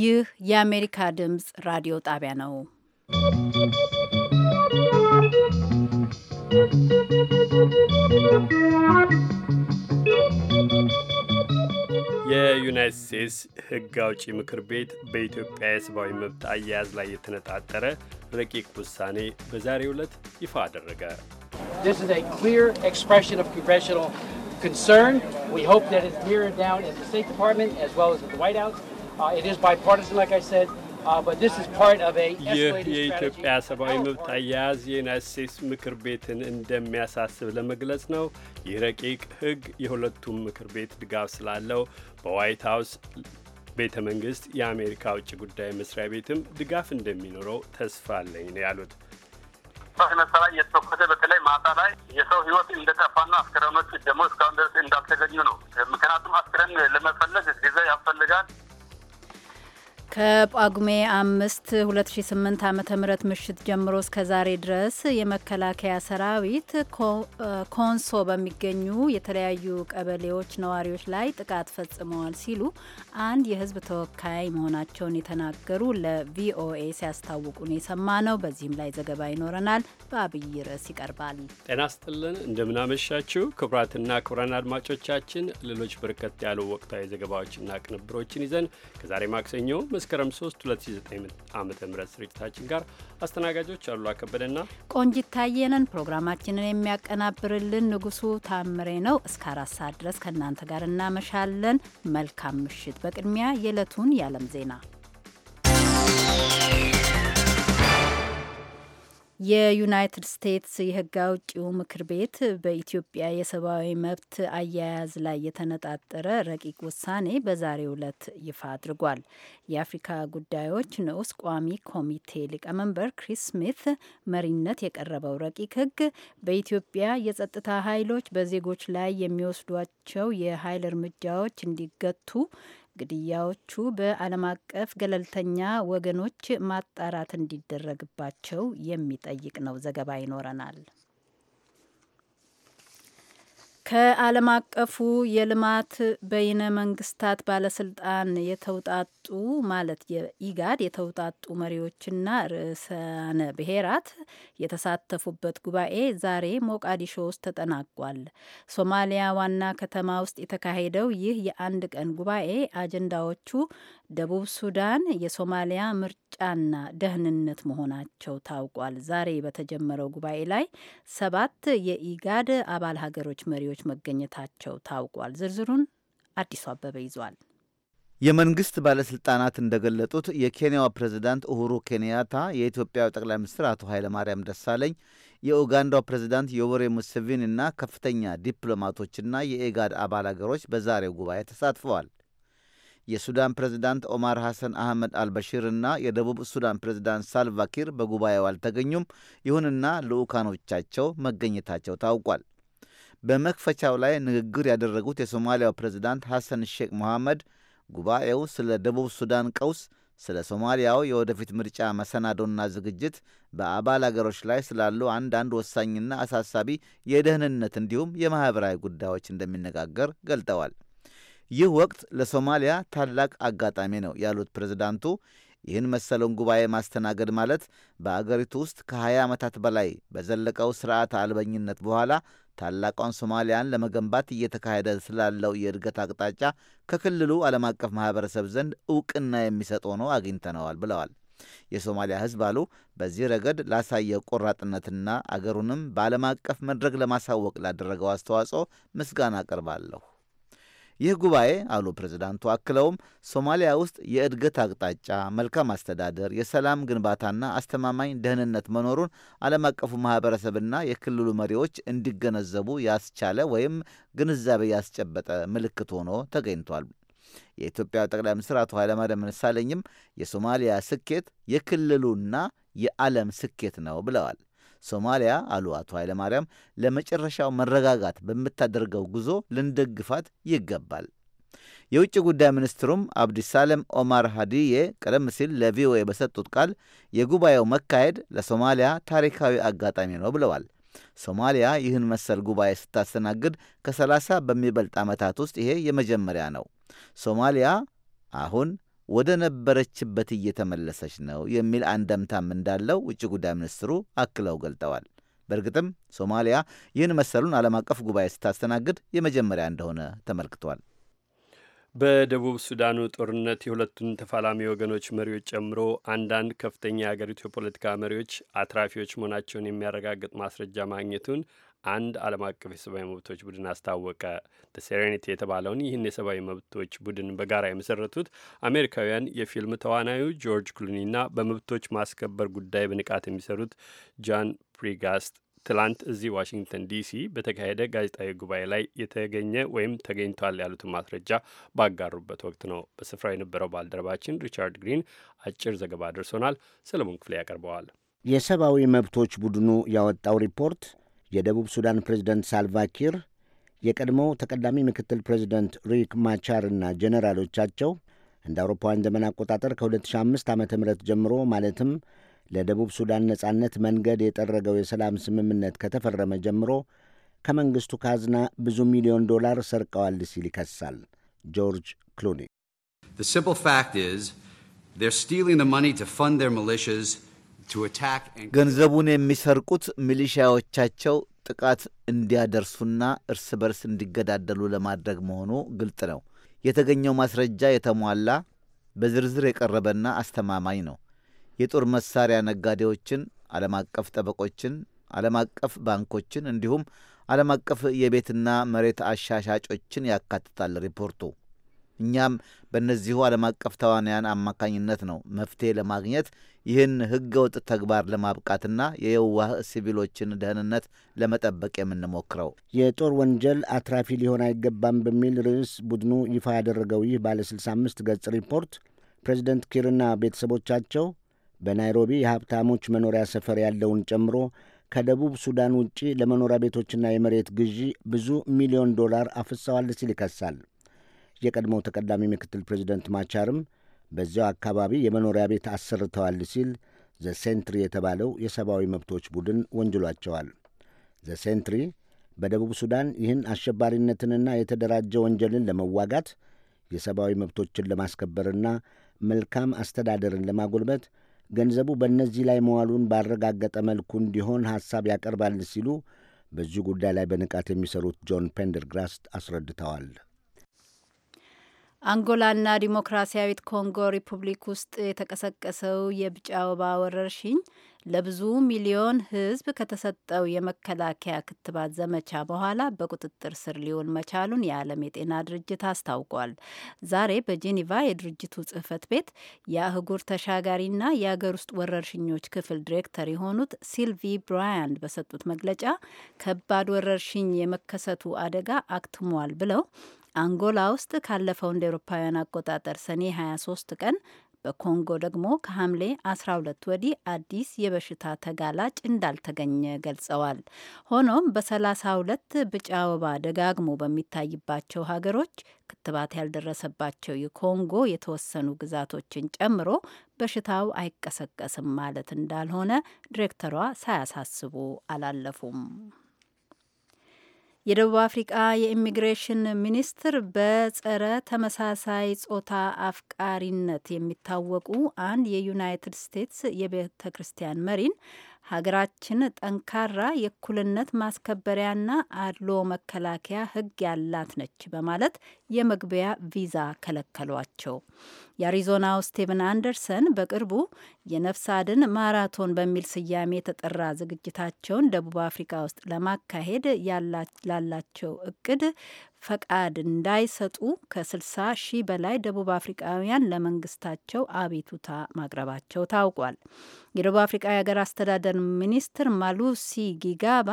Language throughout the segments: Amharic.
ይህ የአሜሪካ ድምፅ ራዲዮ ጣቢያ ነው። የዩናይትድ ስቴትስ ሕግ አውጪ ምክር ቤት በኢትዮጵያ የሰብአዊ መብት አያያዝ ላይ የተነጣጠረ ረቂቅ ውሳኔ በዛሬው ዕለት ይፋ አደረገ። This Uh, is bipartisan, ይህ የኢትዮጵያ uh, ሰብአዊ መብት አያያዝ የዩናይት ስቴትስ ምክር ቤትን እንደሚያሳስብ ለመግለጽ ነው። ይህ ረቂቅ ሕግ የሁለቱም ምክር ቤት ድጋፍ ስላለው በዋይት ሀውስ ቤተ መንግስት የአሜሪካ ውጭ ጉዳይ መስሪያ ቤትም ድጋፍ እንደሚኖረው ተስፋ አለኝ ነው ያሉት። መሳ ላይ የተተኮሰ በተለይ ማታ ላይ የሰው ህይወት እንደጠፋና አስክሬኖች ደግሞ እስካሁን ድረስ እንዳልተገኙ ነው። ምክንያቱም አስክረን ለመፈለግ ጊዜ ያስፈልጋል። ከጳጉሜ አምስት 2008 ዓ ም ምሽት ጀምሮ እስከ ዛሬ ድረስ የመከላከያ ሰራዊት ኮንሶ በሚገኙ የተለያዩ ቀበሌዎች ነዋሪዎች ላይ ጥቃት ፈጽመዋል ሲሉ አንድ የህዝብ ተወካይ መሆናቸውን የተናገሩ ለቪኦኤ ሲያስታውቁን የሰማ ነው። በዚህም ላይ ዘገባ ይኖረናል። በአብይ ርዕስ ይቀርባል። ጤና ስጥልን፣ እንደምናመሻችው ክቡራትና ክቡራን አድማጮቻችን ሌሎች በርከት ያሉ ወቅታዊ ዘገባዎችና ቅንብሮችን ይዘን ከዛሬ ማክሰኞ መስከረም 3 2009 ዓ ም ስርጭታችን ጋር አስተናጋጆች አሉ አከበደና ቆንጂት ታየነን። ፕሮግራማችንን የሚያቀናብርልን ንጉሱ ታምሬ ነው። እስከ አራት ሰዓት ድረስ ከእናንተ ጋር እናመሻለን። መልካም ምሽት። በቅድሚያ የዕለቱን የዓለም ዜና Thank you. የዩናይትድ ስቴትስ የሕግ አውጪው ምክር ቤት በኢትዮጵያ የሰብአዊ መብት አያያዝ ላይ የተነጣጠረ ረቂቅ ውሳኔ በዛሬው ዕለት ይፋ አድርጓል። የአፍሪካ ጉዳዮች ንዑስ ቋሚ ኮሚቴ ሊቀመንበር ክሪስ ስሚት መሪነት የቀረበው ረቂቅ ሕግ በኢትዮጵያ የጸጥታ ኃይሎች በዜጎች ላይ የሚወስዷቸው የኃይል እርምጃዎች እንዲገቱ ግድያዎቹ በዓለም አቀፍ ገለልተኛ ወገኖች ማጣራት እንዲደረግባቸው የሚጠይቅ ነው። ዘገባ ይኖረናል። ከዓለም አቀፉ የልማት በይነ መንግስታት ባለስልጣን የተውጣጡ ማለት የኢጋድ የተውጣጡ መሪዎችና ርዕሳነ ብሔራት የተሳተፉበት ጉባኤ ዛሬ ሞቃዲሾ ውስጥ ተጠናቋል። ሶማሊያ ዋና ከተማ ውስጥ የተካሄደው ይህ የአንድ ቀን ጉባኤ አጀንዳዎቹ ደቡብ ሱዳን የሶማሊያ ምርጫና ደህንነት መሆናቸው ታውቋል። ዛሬ በተጀመረው ጉባኤ ላይ ሰባት የኢጋድ አባል ሀገሮች መሪዎች መገኘታቸው ታውቋል። ዝርዝሩን አዲሱ አበበ ይዟል። የመንግስት ባለስልጣናት እንደገለጡት የኬንያው ፕሬዝዳንት ኡሁሩ ኬንያታ፣ የኢትዮጵያው ጠቅላይ ሚኒስትር አቶ ኃይለማርያም ደሳለኝ፣ የኡጋንዳው ፕሬዝዳንት ዮወሬ ሙሴቪኒ እና ከፍተኛ ዲፕሎማቶችና የኢጋድ አባል አገሮች በዛሬው ጉባኤ ተሳትፈዋል። የሱዳን ፕሬዝዳንት ኦማር ሐሰን አህመድ አልበሺር እና የደቡብ ሱዳን ፕሬዝዳንት ሳልቫኪር በጉባኤው አልተገኙም። ይሁንና ልዑካኖቻቸው መገኘታቸው ታውቋል። በመክፈቻው ላይ ንግግር ያደረጉት የሶማሊያው ፕሬዝዳንት ሐሰን ሼክ መሐመድ ጉባኤው ስለ ደቡብ ሱዳን ቀውስ፣ ስለ ሶማሊያው የወደፊት ምርጫ መሰናዶና ዝግጅት፣ በአባል አገሮች ላይ ስላሉ አንዳንድ ወሳኝና አሳሳቢ የደህንነት እንዲሁም የማኅበራዊ ጉዳዮች እንደሚነጋገር ገልጠዋል። ይህ ወቅት ለሶማሊያ ታላቅ አጋጣሚ ነው ያሉት ፕሬዝዳንቱ ይህን መሰለውን ጉባኤ ማስተናገድ ማለት በአገሪቱ ውስጥ ከ20 ዓመታት በላይ በዘለቀው ሥርዓት አልበኝነት በኋላ ታላቋን ሶማሊያን ለመገንባት እየተካሄደ ስላለው የእድገት አቅጣጫ ከክልሉ ዓለም አቀፍ ማኅበረሰብ ዘንድ እውቅና የሚሰጥ ሆኖ አግኝተነዋል ብለዋል። የሶማሊያ ሕዝብ አሉ በዚህ ረገድ ላሳየው ቆራጥነትና አገሩንም በዓለም አቀፍ መድረክ ለማሳወቅ ላደረገው አስተዋጽኦ ምስጋና አቀርባለሁ። ይህ ጉባኤ አሉ ፕሬዚዳንቱ አክለውም ሶማሊያ ውስጥ የእድገት አቅጣጫ፣ መልካም አስተዳደር፣ የሰላም ግንባታና አስተማማኝ ደህንነት መኖሩን ዓለም አቀፉ ማህበረሰብና የክልሉ መሪዎች እንዲገነዘቡ ያስቻለ ወይም ግንዛቤ ያስጨበጠ ምልክት ሆኖ ተገኝቷል። የኢትዮጵያ ጠቅላይ ሚኒስትር አቶ ኃይለማርያም ደሳለኝም የሶማሊያ ስኬት የክልሉና የዓለም ስኬት ነው ብለዋል። ሶማሊያ አሉ አቶ ኃይለማርያም ለመጨረሻው መረጋጋት በምታደርገው ጉዞ ልንደግፋት ይገባል። የውጭ ጉዳይ ሚኒስትሩም አብዲሳለም ኦማር ሃዲዬ ቀደም ሲል ለቪኦኤ በሰጡት ቃል የጉባኤው መካሄድ ለሶማሊያ ታሪካዊ አጋጣሚ ነው ብለዋል። ሶማሊያ ይህን መሰል ጉባኤ ስታስተናግድ ከ30 በሚበልጥ ዓመታት ውስጥ ይሄ የመጀመሪያ ነው። ሶማሊያ አሁን ወደ ነበረችበት እየተመለሰች ነው የሚል አንደምታም እንዳለው ውጭ ጉዳይ ሚኒስትሩ አክለው ገልጠዋል። በእርግጥም ሶማሊያ ይህን መሰሉን ዓለም አቀፍ ጉባኤ ስታስተናግድ የመጀመሪያ እንደሆነ ተመልክቷል። በደቡብ ሱዳኑ ጦርነት የሁለቱን ተፋላሚ ወገኖች መሪዎች ጨምሮ አንዳንድ ከፍተኛ የአገሪቱ የፖለቲካ መሪዎች አትራፊዎች መሆናቸውን የሚያረጋግጥ ማስረጃ ማግኘቱን አንድ ዓለም አቀፍ የሰብአዊ መብቶች ቡድን አስታወቀ። ሴሬኒቲ የተባለውን ይህን የሰብአዊ መብቶች ቡድን በጋራ የመሰረቱት አሜሪካውያን የፊልም ተዋናዩ ጆርጅ ክሉኒና በመብቶች ማስከበር ጉዳይ በንቃት የሚሰሩት ጃን ፕሪጋስት ትላንት እዚህ ዋሽንግተን ዲሲ በተካሄደ ጋዜጣዊ ጉባኤ ላይ የተገኘ ወይም ተገኝቷል ያሉትን ማስረጃ ባጋሩበት ወቅት ነው። በስፍራው የነበረው ባልደረባችን ሪቻርድ ግሪን አጭር ዘገባ ደርሶናል። ሰለሞን ክፍሌ ያቀርበዋል። የሰብአዊ መብቶች ቡድኑ ያወጣው ሪፖርት የደቡብ ሱዳን ፕሬዝደንት ሳልቫኪር የቀድሞው ተቀዳሚ ምክትል ፕሬዚደንት ሪክ ማቻር እና ጀነራሎቻቸው እንደ አውሮፓውያን ዘመን አቆጣጠር ከ2005 ዓ ም ጀምሮ ማለትም ለደቡብ ሱዳን ነጻነት መንገድ የጠረገው የሰላም ስምምነት ከተፈረመ ጀምሮ ከመንግሥቱ ካዝና ብዙ ሚሊዮን ዶላር ሰርቀዋል ሲል ይከሳል። ጆርጅ ክሉኒ The simple fact is they're stealing the money to fund their militias ገንዘቡን የሚሰርቁት ሚሊሺያዎቻቸው ጥቃት እንዲያደርሱና እርስ በርስ እንዲገዳደሉ ለማድረግ መሆኑ ግልጥ ነው። የተገኘው ማስረጃ የተሟላ በዝርዝር የቀረበና አስተማማኝ ነው። የጦር መሳሪያ ነጋዴዎችን፣ ዓለም አቀፍ ጠበቆችን፣ ዓለም አቀፍ ባንኮችን እንዲሁም ዓለም አቀፍ የቤትና መሬት አሻሻጮችን ያካትታል ሪፖርቱ። እኛም በእነዚሁ ዓለም አቀፍ ተዋንያን አማካኝነት ነው መፍትሄ ለማግኘት ይህን ህገወጥ ተግባር ለማብቃትና የየዋህ ሲቪሎችን ደህንነት ለመጠበቅ የምንሞክረው። የጦር ወንጀል አትራፊ ሊሆን አይገባም በሚል ርዕስ ቡድኑ ይፋ ያደረገው ይህ ባለ 65 ገጽ ሪፖርት ፕሬዚደንት ኪርና ቤተሰቦቻቸው በናይሮቢ የሀብታሞች መኖሪያ ሰፈር ያለውን ጨምሮ ከደቡብ ሱዳን ውጪ ለመኖሪያ ቤቶችና የመሬት ግዢ ብዙ ሚሊዮን ዶላር አፍሰዋል ሲል ይከሳል። የቀድሞው ተቀዳሚ ምክትል ፕሬዚደንት ማቻርም በዚያው አካባቢ የመኖሪያ ቤት አሰርተዋል ሲል ሴንትሪ የተባለው የሰብአዊ መብቶች ቡድን ወንጅሏቸዋል። ሴንትሪ በደቡብ ሱዳን ይህን አሸባሪነትንና የተደራጀ ወንጀልን ለመዋጋት የሰብአዊ መብቶችን ለማስከበርና መልካም አስተዳደርን ለማጎልበት ገንዘቡ በእነዚህ ላይ መዋሉን ባረጋገጠ መልኩ እንዲሆን ሐሳብ ያቀርባል ሲሉ በዚሁ ጉዳይ ላይ በንቃት የሚሰሩት ጆን ፔንደርግራስት አስረድተዋል። አንጎላና ዲሞክራሲያዊት ኮንጎ ሪፑብሊክ ውስጥ የተቀሰቀሰው የቢጫ ወባ ወረርሽኝ ለብዙ ሚሊዮን ሕዝብ ከተሰጠው የመከላከያ ክትባት ዘመቻ በኋላ በቁጥጥር ስር ሊውል መቻሉን የዓለም የጤና ድርጅት አስታውቋል። ዛሬ በጄኔቫ የድርጅቱ ጽህፈት ቤት የአህጉር ተሻጋሪና የአገር ውስጥ ወረርሽኞች ክፍል ዲሬክተር የሆኑት ሲልቪ ብራያንድ በሰጡት መግለጫ ከባድ ወረርሽኝ የመከሰቱ አደጋ አክትሟል ብለው አንጎላ ውስጥ ካለፈው እንደ ኤሮፓውያን አቆጣጠር ሰኔ 23 ቀን በኮንጎ ደግሞ ከሐምሌ 12 ወዲህ አዲስ የበሽታ ተጋላጭ እንዳልተገኘ ገልጸዋል። ሆኖም በ32 ብጫ ወባ ደጋግሞ በሚታይባቸው ሀገሮች ክትባት ያልደረሰባቸው የኮንጎ የተወሰኑ ግዛቶችን ጨምሮ በሽታው አይቀሰቀስም ማለት እንዳልሆነ ዲሬክተሯ ሳያሳስቡ አላለፉም። የደቡብ አፍሪቃ የኢሚግሬሽን ሚኒስትር በጸረ ተመሳሳይ ጾታ አፍቃሪነት የሚታወቁ አንድ የዩናይትድ ስቴትስ የቤተ ክርስቲያን መሪን ሀገራችን ጠንካራ የእኩልነት ማስከበሪያና አድሎ መከላከያ ሕግ ያላት ነች በማለት የመግቢያ ቪዛ ከለከሏቸው። የአሪዞናው ስቴቨን አንደርሰን በቅርቡ የነፍስ አድን ማራቶን በሚል ስያሜ የተጠራ ዝግጅታቸውን ደቡብ አፍሪካ ውስጥ ለማካሄድ ላላቸው እቅድ ፈቃድ እንዳይሰጡ ከ60 ሺህ በላይ ደቡብ አፍሪቃውያን ለመንግስታቸው አቤቱታ ማቅረባቸው ታውቋል። የደቡብ አፍሪቃ የሀገር አስተዳደር ሚኒስትር ማሉሲ ጊጋባ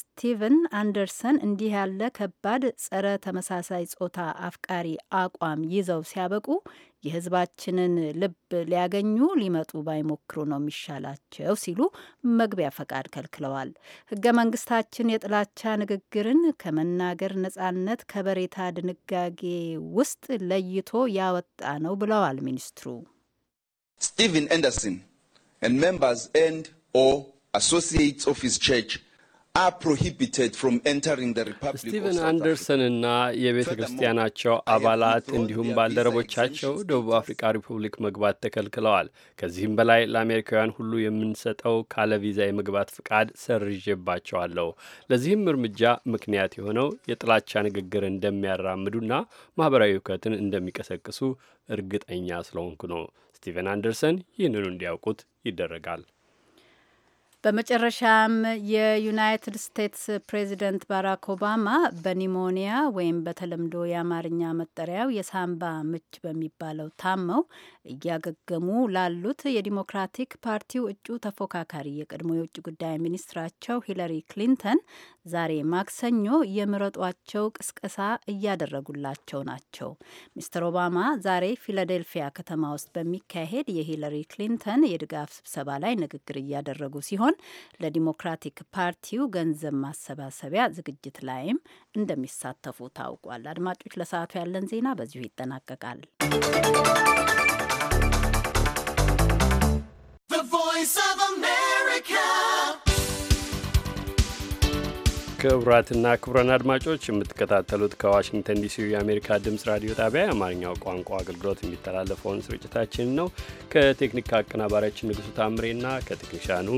ስቲቨን አንደርሰን እንዲህ ያለ ከባድ ጸረ ተመሳሳይ ጾታ አፍቃሪ አቋም ይዘው ሲያበቁ የሕዝባችንን ልብ ሊያገኙ ሊመጡ ባይሞክሩ ነው የሚሻላቸው ሲሉ መግቢያ ፈቃድ ከልክለዋል። ሕገ መንግስታችን የጥላቻ ንግግርን ከመናገር ነጻነት ከበሬታ ድንጋጌ ውስጥ ለይቶ ያወጣ ነው ብለዋል ሚኒስትሩ። ስቲቨን አንደርሰን and members and or associates of ስቲቨን አንደርሰንና የቤተ ክርስቲያናቸው አባላት እንዲሁም ባልደረቦቻቸው ደቡብ አፍሪካ ሪፑብሊክ መግባት ተከልክለዋል። ከዚህም በላይ ለአሜሪካውያን ሁሉ የምንሰጠው ካለ ቪዛ የመግባት ፍቃድ ሰርዤባቸዋለሁ። ለዚህም እርምጃ ምክንያት የሆነው የጥላቻ ንግግር እንደሚያራምዱና ማህበራዊ እውከትን እንደሚቀሰቅሱ እርግጠኛ ስለሆንኩ ነው። ስቲቨን አንደርሰን ይህንኑ እንዲያውቁት ይደረጋል። በመጨረሻም የዩናይትድ ስቴትስ ፕሬዚደንት ባራክ ኦባማ በኒሞኒያ ወይም በተለምዶ የአማርኛ መጠሪያው የሳምባ ምች በሚባለው ታመው እያገገሙ ላሉት የዲሞክራቲክ ፓርቲው እጩ ተፎካካሪ የቀድሞ የውጭ ጉዳይ ሚኒስትራቸው ሂለሪ ክሊንተን ዛሬ ማክሰኞ የምረጧቸው ቅስቀሳ እያደረጉላቸው ናቸው። ሚስተር ኦባማ ዛሬ ፊላዴልፊያ ከተማ ውስጥ በሚካሄድ የሂለሪ ክሊንተን የድጋፍ ስብሰባ ላይ ንግግር እያደረጉ ሲሆን ሲሆን ለዲሞክራቲክ ፓርቲው ገንዘብ ማሰባሰቢያ ዝግጅት ላይም እንደሚሳተፉ ታውቋል። አድማጮች፣ ለሰዓቱ ያለን ዜና በዚሁ ይጠናቀቃል። ክቡራትና ክቡራን አድማጮች የምትከታተሉት ከዋሽንግተን ዲሲ የአሜሪካ ድምፅ ራዲዮ ጣቢያ የአማርኛው ቋንቋ አገልግሎት የሚተላለፈውን ስርጭታችን ነው። ከቴክኒክ አቀናባሪያችን ንጉሱ ታምሬና ከቴክኒሻኑ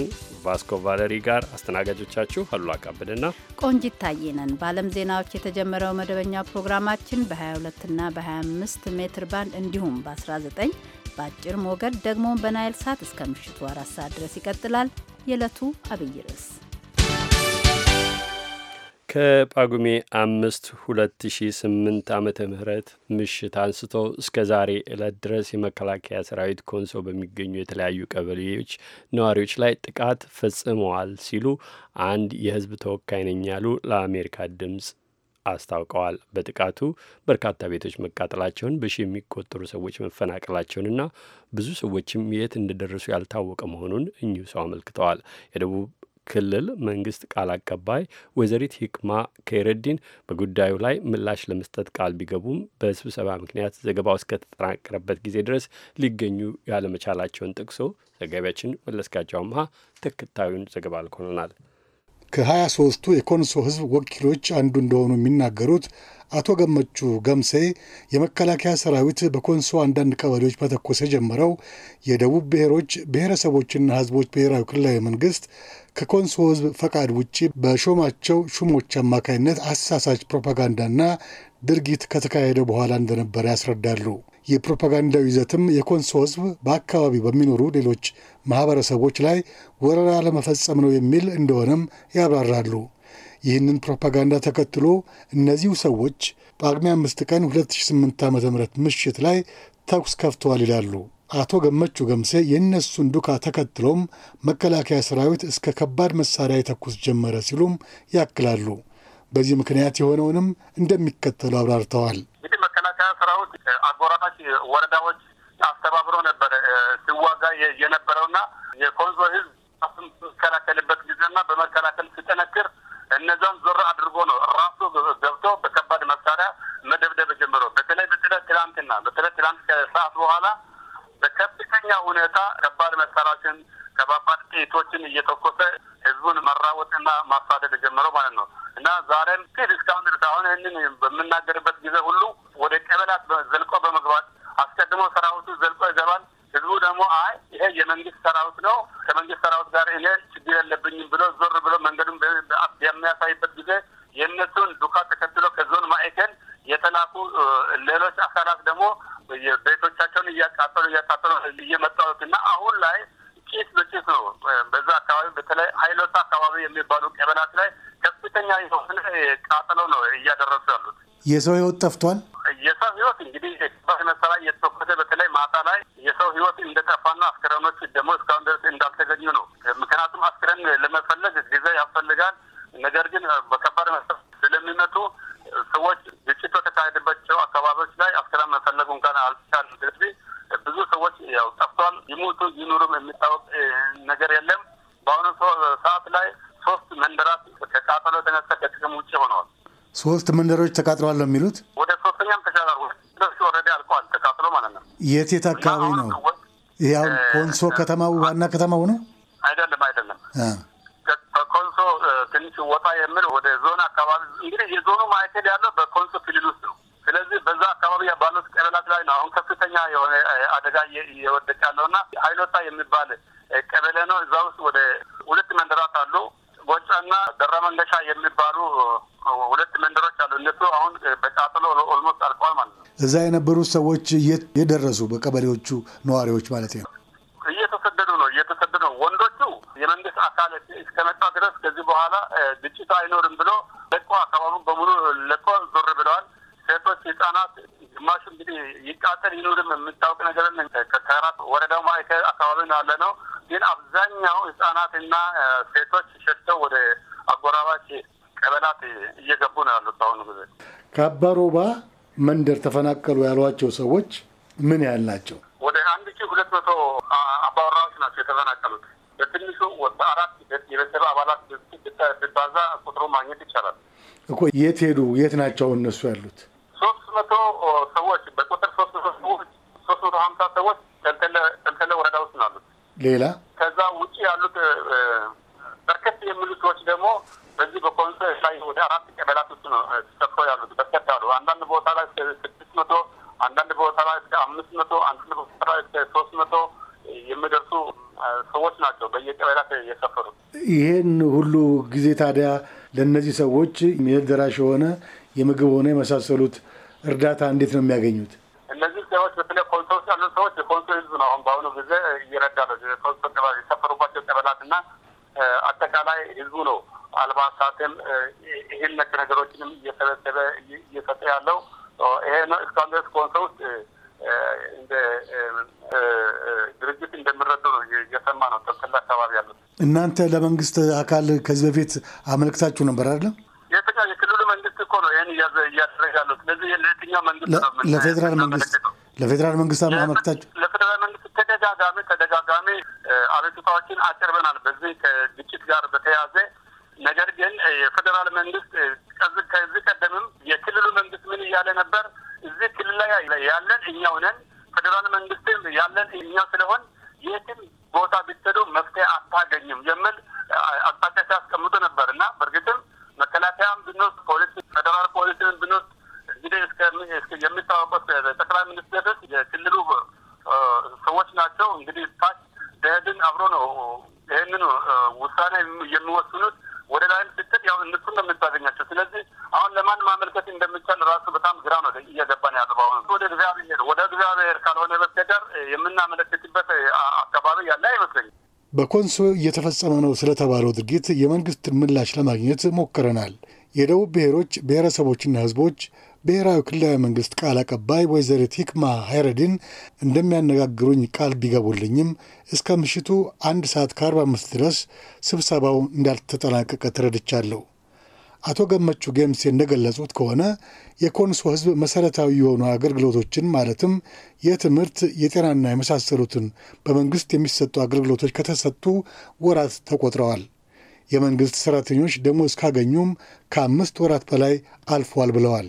ቫስኮ ቫለሪ ጋር አስተናጋጆቻችሁ አሉ አቃብድና ቆንጂት ታዬ በዓለም ዜናዎች የተጀመረው መደበኛ ፕሮግራማችን በ22ና በ25 ሜትር ባንድ እንዲሁም በ19 በአጭር ሞገድ ደግሞ በናይል ሳት እስከ ምሽቱ አራት ሰዓት ድረስ ይቀጥላል። የዕለቱ አብይ ርዕስ ከጳጉሜ አምስት ሁለት ሺ ስምንት ዓመተ ምህረት ምሽት አንስቶ እስከ ዛሬ ዕለት ድረስ የመከላከያ ሰራዊት ኮንሶ በሚገኙ የተለያዩ ቀበሌዎች ነዋሪዎች ላይ ጥቃት ፈጽመዋል ሲሉ አንድ የህዝብ ተወካይ ነኝ ያሉ ለአሜሪካ ድምፅ አስታውቀዋል። በጥቃቱ በርካታ ቤቶች መቃጠላቸውን፣ በሺ የሚቆጠሩ ሰዎች መፈናቀላቸውንና ብዙ ሰዎችም የት እንደደረሱ ያልታወቀ መሆኑን እኚሁ ሰው አመልክተዋል። የደቡብ ክልል መንግስት ቃል አቀባይ ወይዘሪት ሂክማ ከይረዲን በጉዳዩ ላይ ምላሽ ለመስጠት ቃል ቢገቡም በስብሰባ ምክንያት ዘገባው እስከተጠናቀረበት ጊዜ ድረስ ሊገኙ ያለመቻላቸውን ጠቅሶ ዘጋቢያችን መለስካቸው አምሃ ተከታዩን ዘገባ ልኮናል። ከሀያ ሶስቱ የኮንሶ ህዝብ ወኪሎች አንዱ እንደሆኑ የሚናገሩት አቶ ገመቹ ገምሴ የመከላከያ ሰራዊት በኮንሶ አንዳንድ ቀበሌዎች መተኮስ የጀመረው የደቡብ ብሔሮች ብሔረሰቦችና ህዝቦች ብሔራዊ ክልላዊ መንግስት ከኮንሶ ህዝብ ፈቃድ ውጭ በሾማቸው ሹሞች አማካኝነት አሳሳች ፕሮፓጋንዳና ድርጊት ከተካሄደ በኋላ እንደነበረ ያስረዳሉ። የፕሮፓጋንዳው ይዘትም የኮንሶ ህዝብ በአካባቢው በሚኖሩ ሌሎች ማህበረሰቦች ላይ ወረራ ለመፈጸም ነው የሚል እንደሆነም ያብራራሉ። ይህንን ፕሮፓጋንዳ ተከትሎ እነዚሁ ሰዎች በጳጉሜ አምስት ቀን 2008 ዓ ም ምሽት ላይ ተኩስ ከፍተዋል ይላሉ። አቶ ገመቹ ገምሴ የእነሱን ዱካ ተከትሎም መከላከያ ሰራዊት እስከ ከባድ መሳሪያ የተኩስ ጀመረ ሲሉም ያክላሉ። በዚህ ምክንያት የሆነውንም እንደሚከተሉ አብራርተዋል። እንግዲህ መከላከያ ሰራዊት አጎራባች ወረዳዎች አስተባብሮ ነበር ሲዋጋ የነበረውና የኮንዞ ህዝብ የሚከላከልበት ጊዜና በመከላከል ሲጠነክር እነዛን ዞር አድርጎ ነው ራሱ ገብቶ በከባድ መሳሪያ መደብደብ ጀምሮ በተለይ በተለይ ትላንትና በተለይ ትላንት ከሰዓት በኋላ በከፍተኛ ሁኔታ ከባድ መሳሪያዎችን ከባባድ ጥይቶችን እየተኮሰ ህዝቡን መራወጥና ማሳደድ ጀምሮ ማለት ነው እና ዛሬም ፊት እስካሁን ድረስ አሁን ይህንን በምናገርበት ጊዜ ሁሉ ወደ ቀበላት ዘልቆ በመግባት አስቀድሞ ሰራዊቱ ዘልቆ ይገባል። ህዝቡ ደግሞ አይ ይሄ የመንግስት ሰራዊት ነው ከመንግስት ሰራዊት ጋር እኔ ችግር የለብኝም ብሎ ዞር ብሎ መንገዱን የሚያሳይበት ጊዜ የእነሱን ዱካ ተከትሎ ከዞን ማዕከል የተላኩ ሌሎች አካላት ደግሞ ቤቶቻቸውን እያቃጠሉ እያቃጠሉ እየመጣሉት እና አሁን ላይ ጭስ በጭስ ነው። በዛ አካባቢ በተለይ ሀይሎታ አካባቢ የሚባሉ ቀበላት ላይ ከፍተኛ የሆነ ቃጠሎ ነው እያደረሱ ያሉት። የሰው ህይወት ጠፍቷል። የሰው ህይወት እንግዲህ ባሽ መሳሪያ እየተተኮሰ በተለይ ማታ ላይ የሰው ህይወት እንደጠፋና አስክረኖች ደግሞ እስካሁን ድረስ እንዳልተገኙ ነው። ምክንያቱም አስክረን ለመፈለግ ጊዜ ያስፈልጋል። ነገር ግን በከባድ መሰ ስለሚመቱ ሰዎች ግጭት በተካሄደባቸው አካባቢዎች ላይ አስከራ መፈለጉ እንኳን አልቻል። ስለዚህ ብዙ ሰዎች ያው ጠፍቷል። ይሞቱ ይኑሩም የሚታወቅ ነገር የለም። በአሁኑ ሰዓት ላይ ሶስት መንደራት ከቃጠሎ የተነሳ ከጥቅም ውጭ ሆነዋል። ሶስት መንደሮች ተቃጥለዋል ነው የሚሉት። ወደ ሶስተኛም ተሻጋር ወረዳ አልቀዋል ተቃጥሎ ማለት ነው። የት የት አካባቢ ነው? ያው ኮንሶ ከተማው ዋና ከተማው ነው አይደለም? አይደለም በኮንሶ ትንሽ ወጣ የሚል ወደ ዞን አካባቢ እንግዲህ የዞኑ ማዕከል ያለው በኮንሶ ክልል ውስጥ ነው። ስለዚህ በዛ አካባቢ ባሉት ቀበላት ላይ ነው አሁን ከፍተኛ የሆነ አደጋ እየወደቀ ያለው እና ሀይሎታ የሚባል ቀበሌ ነው። እዛ ውስጥ ወደ ሁለት መንደራት አሉ። ጎጫና ደራ መንገሻ የሚባሉ ሁለት መንደሮች አሉ። እነሱ አሁን በቃጠሎ ኦልሞስት አልቀዋል ማለት ነው። እዛ የነበሩት ሰዎች የት የደረሱ በቀበሌዎቹ ነዋሪዎች ማለት ነው። ድረስ ከዚህ በኋላ ግጭት አይኖርም ብሎ ለቆ አካባቢ በሙሉ ለቆ ዞር ብለዋል። ሴቶች፣ ህጻናት ግማሹ እንግዲህ ይቃጠል ይኑርም የምታውቅ ነገር ከራት ወረዳው ማዕከል አካባቢ ነው ያለ ነው። ግን አብዛኛው ህጻናትና ሴቶች ሸሽተው ወደ አጎራባች ቀበላት እየገቡ ነው ያሉት። አሁኑ ጊዜ ከአባሮባ መንደር ተፈናቀሉ ያሏቸው ሰዎች ምን ያህል ናቸው? ወደ አንድ ሺህ ሁለት መቶ አባወራዎች ናቸው የተፈናቀሉት። በትንሹ ወደ አራት የቤተሰብ አባላት ብታዛ ቁጥሩ ማግኘት ይቻላል እኮ። የት ሄዱ? የት ናቸው እነሱ ያሉት? ሶስት መቶ ሰዎች በቁጥር ሶስት መቶ ሰዎች ሶስት መቶ ሀምሳ ሰዎች ተልተለ ወረዳ ውስጥ ነው ያሉት። ሌላ ከዛ ውጭ ያሉት በርከት የሚሉ ሰዎች ደግሞ በዚህ በኮንሶ ላይ ወደ አራት ቀበላት ውስጥ ነው ተሰፍሮ ያሉት። በርከት ያሉ አንዳንድ ቦታ ላይ ስድስት መቶ አንዳንድ ቦታ ላይ እስከ አምስት መቶ አንዳንድ ቦታ ላይ እስከ ሶስት መቶ የሚደርሱ ሰዎች ናቸው በየቀበላት የሰፈሩት። ይሄን ሁሉ ጊዜ ታዲያ ለእነዚህ ሰዎች የእህል የሆነ የምግብ ሆነ የመሳሰሉት እርዳታ እንዴት ነው የሚያገኙት? እነዚህ ሰዎች በተለይ ኮንሶ ውስጥ ያሉ ሰዎች የኮንሶ ህዝብ ነው አሁን በአሁኑ ጊዜ እየረዳ ነው። የሰፈሩባቸው ቀበላት እና አጠቃላይ ህዝቡ ነው አልባሳትም ይህን ነክ ነገሮችንም እየሰበሰበ እየሰጠ ያለው ይሄ ነው። እስካሁን ድረስ ኮንሶ ውስጥ እንደ ድርጅት እንደምረዱ እየሰማ ነው። ጥብቅላ አካባቢ ያሉት እናንተ ለመንግስት አካል ከዚህ በፊት አመልክታችሁ ነበር አለ የክልሉ መንግስት እኮ ነው ይህን እያደረጋሉ። ስለዚህ ለየትኛው መንግስት ነው ለፌዴራል መንግስት ለፌዴራል መንግስት አመልክታችሁ ለፌዴራል መንግስት ተደጋጋሚ ተደጋጋሚ አቤቱታዎችን አቅርበናል በዚህ ከግጭት ጋር በተያያዘ ነገር ግን የፌዴራል መንግስት ከዚህ ቀደምም የክልሉ መንግስት ምን እያለ ነበር እዚህ ክልል ላይ ያለን እኛው ነን። ፌዴራል መንግስትም ያለን እኛው ስለሆን የትም ቦታ ብትሄዱ መፍትሄ አታገኝም የሚል አቅጣጫ ሲያስቀምጡ ነበር እና በእርግጥም መከላከያም ብንወስድ ፖሊስ ፌዴራል ፖሊስን ብንወስድ እንግዲህ የሚታወቁት ጠቅላይ ሚኒስትር የክልሉ ሰዎች ናቸው። እንግዲህ ታች ደህድን አብሮ ነው ይህንን ውሳኔ የሚወስኑት። ወደ ላይም ስትል ያው እነሱ እንደምታገኛቸው። ስለዚህ አሁን ለማን ማመልከት እንደምቻል ራሱ በጣም ግራ ነው ነው ያለው። በአሁኑ ወደ እግዚአብሔር ወደ እግዚአብሔር ካልሆነ በስተቀር የምናመለክትበት አካባቢ ያለ አይመስለኝም። በኮንሶ እየተፈጸመ ነው ስለተባለው ድርጊት የመንግስት ምላሽ ለማግኘት ሞክረናል። የደቡብ ብሔሮች ብሔረሰቦችና ህዝቦች ብሔራዊ ክልላዊ መንግስት ቃል አቀባይ ወይዘሪት ሂክማ ሃይረዲን እንደሚያነጋግሩኝ ቃል ቢገቡልኝም እስከ ምሽቱ አንድ ሰዓት ከ45 ድረስ ስብሰባው እንዳልተጠናቀቀ ተረድቻለሁ። አቶ ገመቹ ጌምሴ እንደገለጹት ከሆነ የኮንሶ ህዝብ መሠረታዊ የሆኑ አገልግሎቶችን ማለትም የትምህርት፣ የጤናና የመሳሰሉትን በመንግስት የሚሰጡ አገልግሎቶች ከተሰጡ ወራት ተቆጥረዋል። የመንግስት ሠራተኞች ደሞዝ ካገኙም ከአምስት ወራት በላይ አልፏል ብለዋል።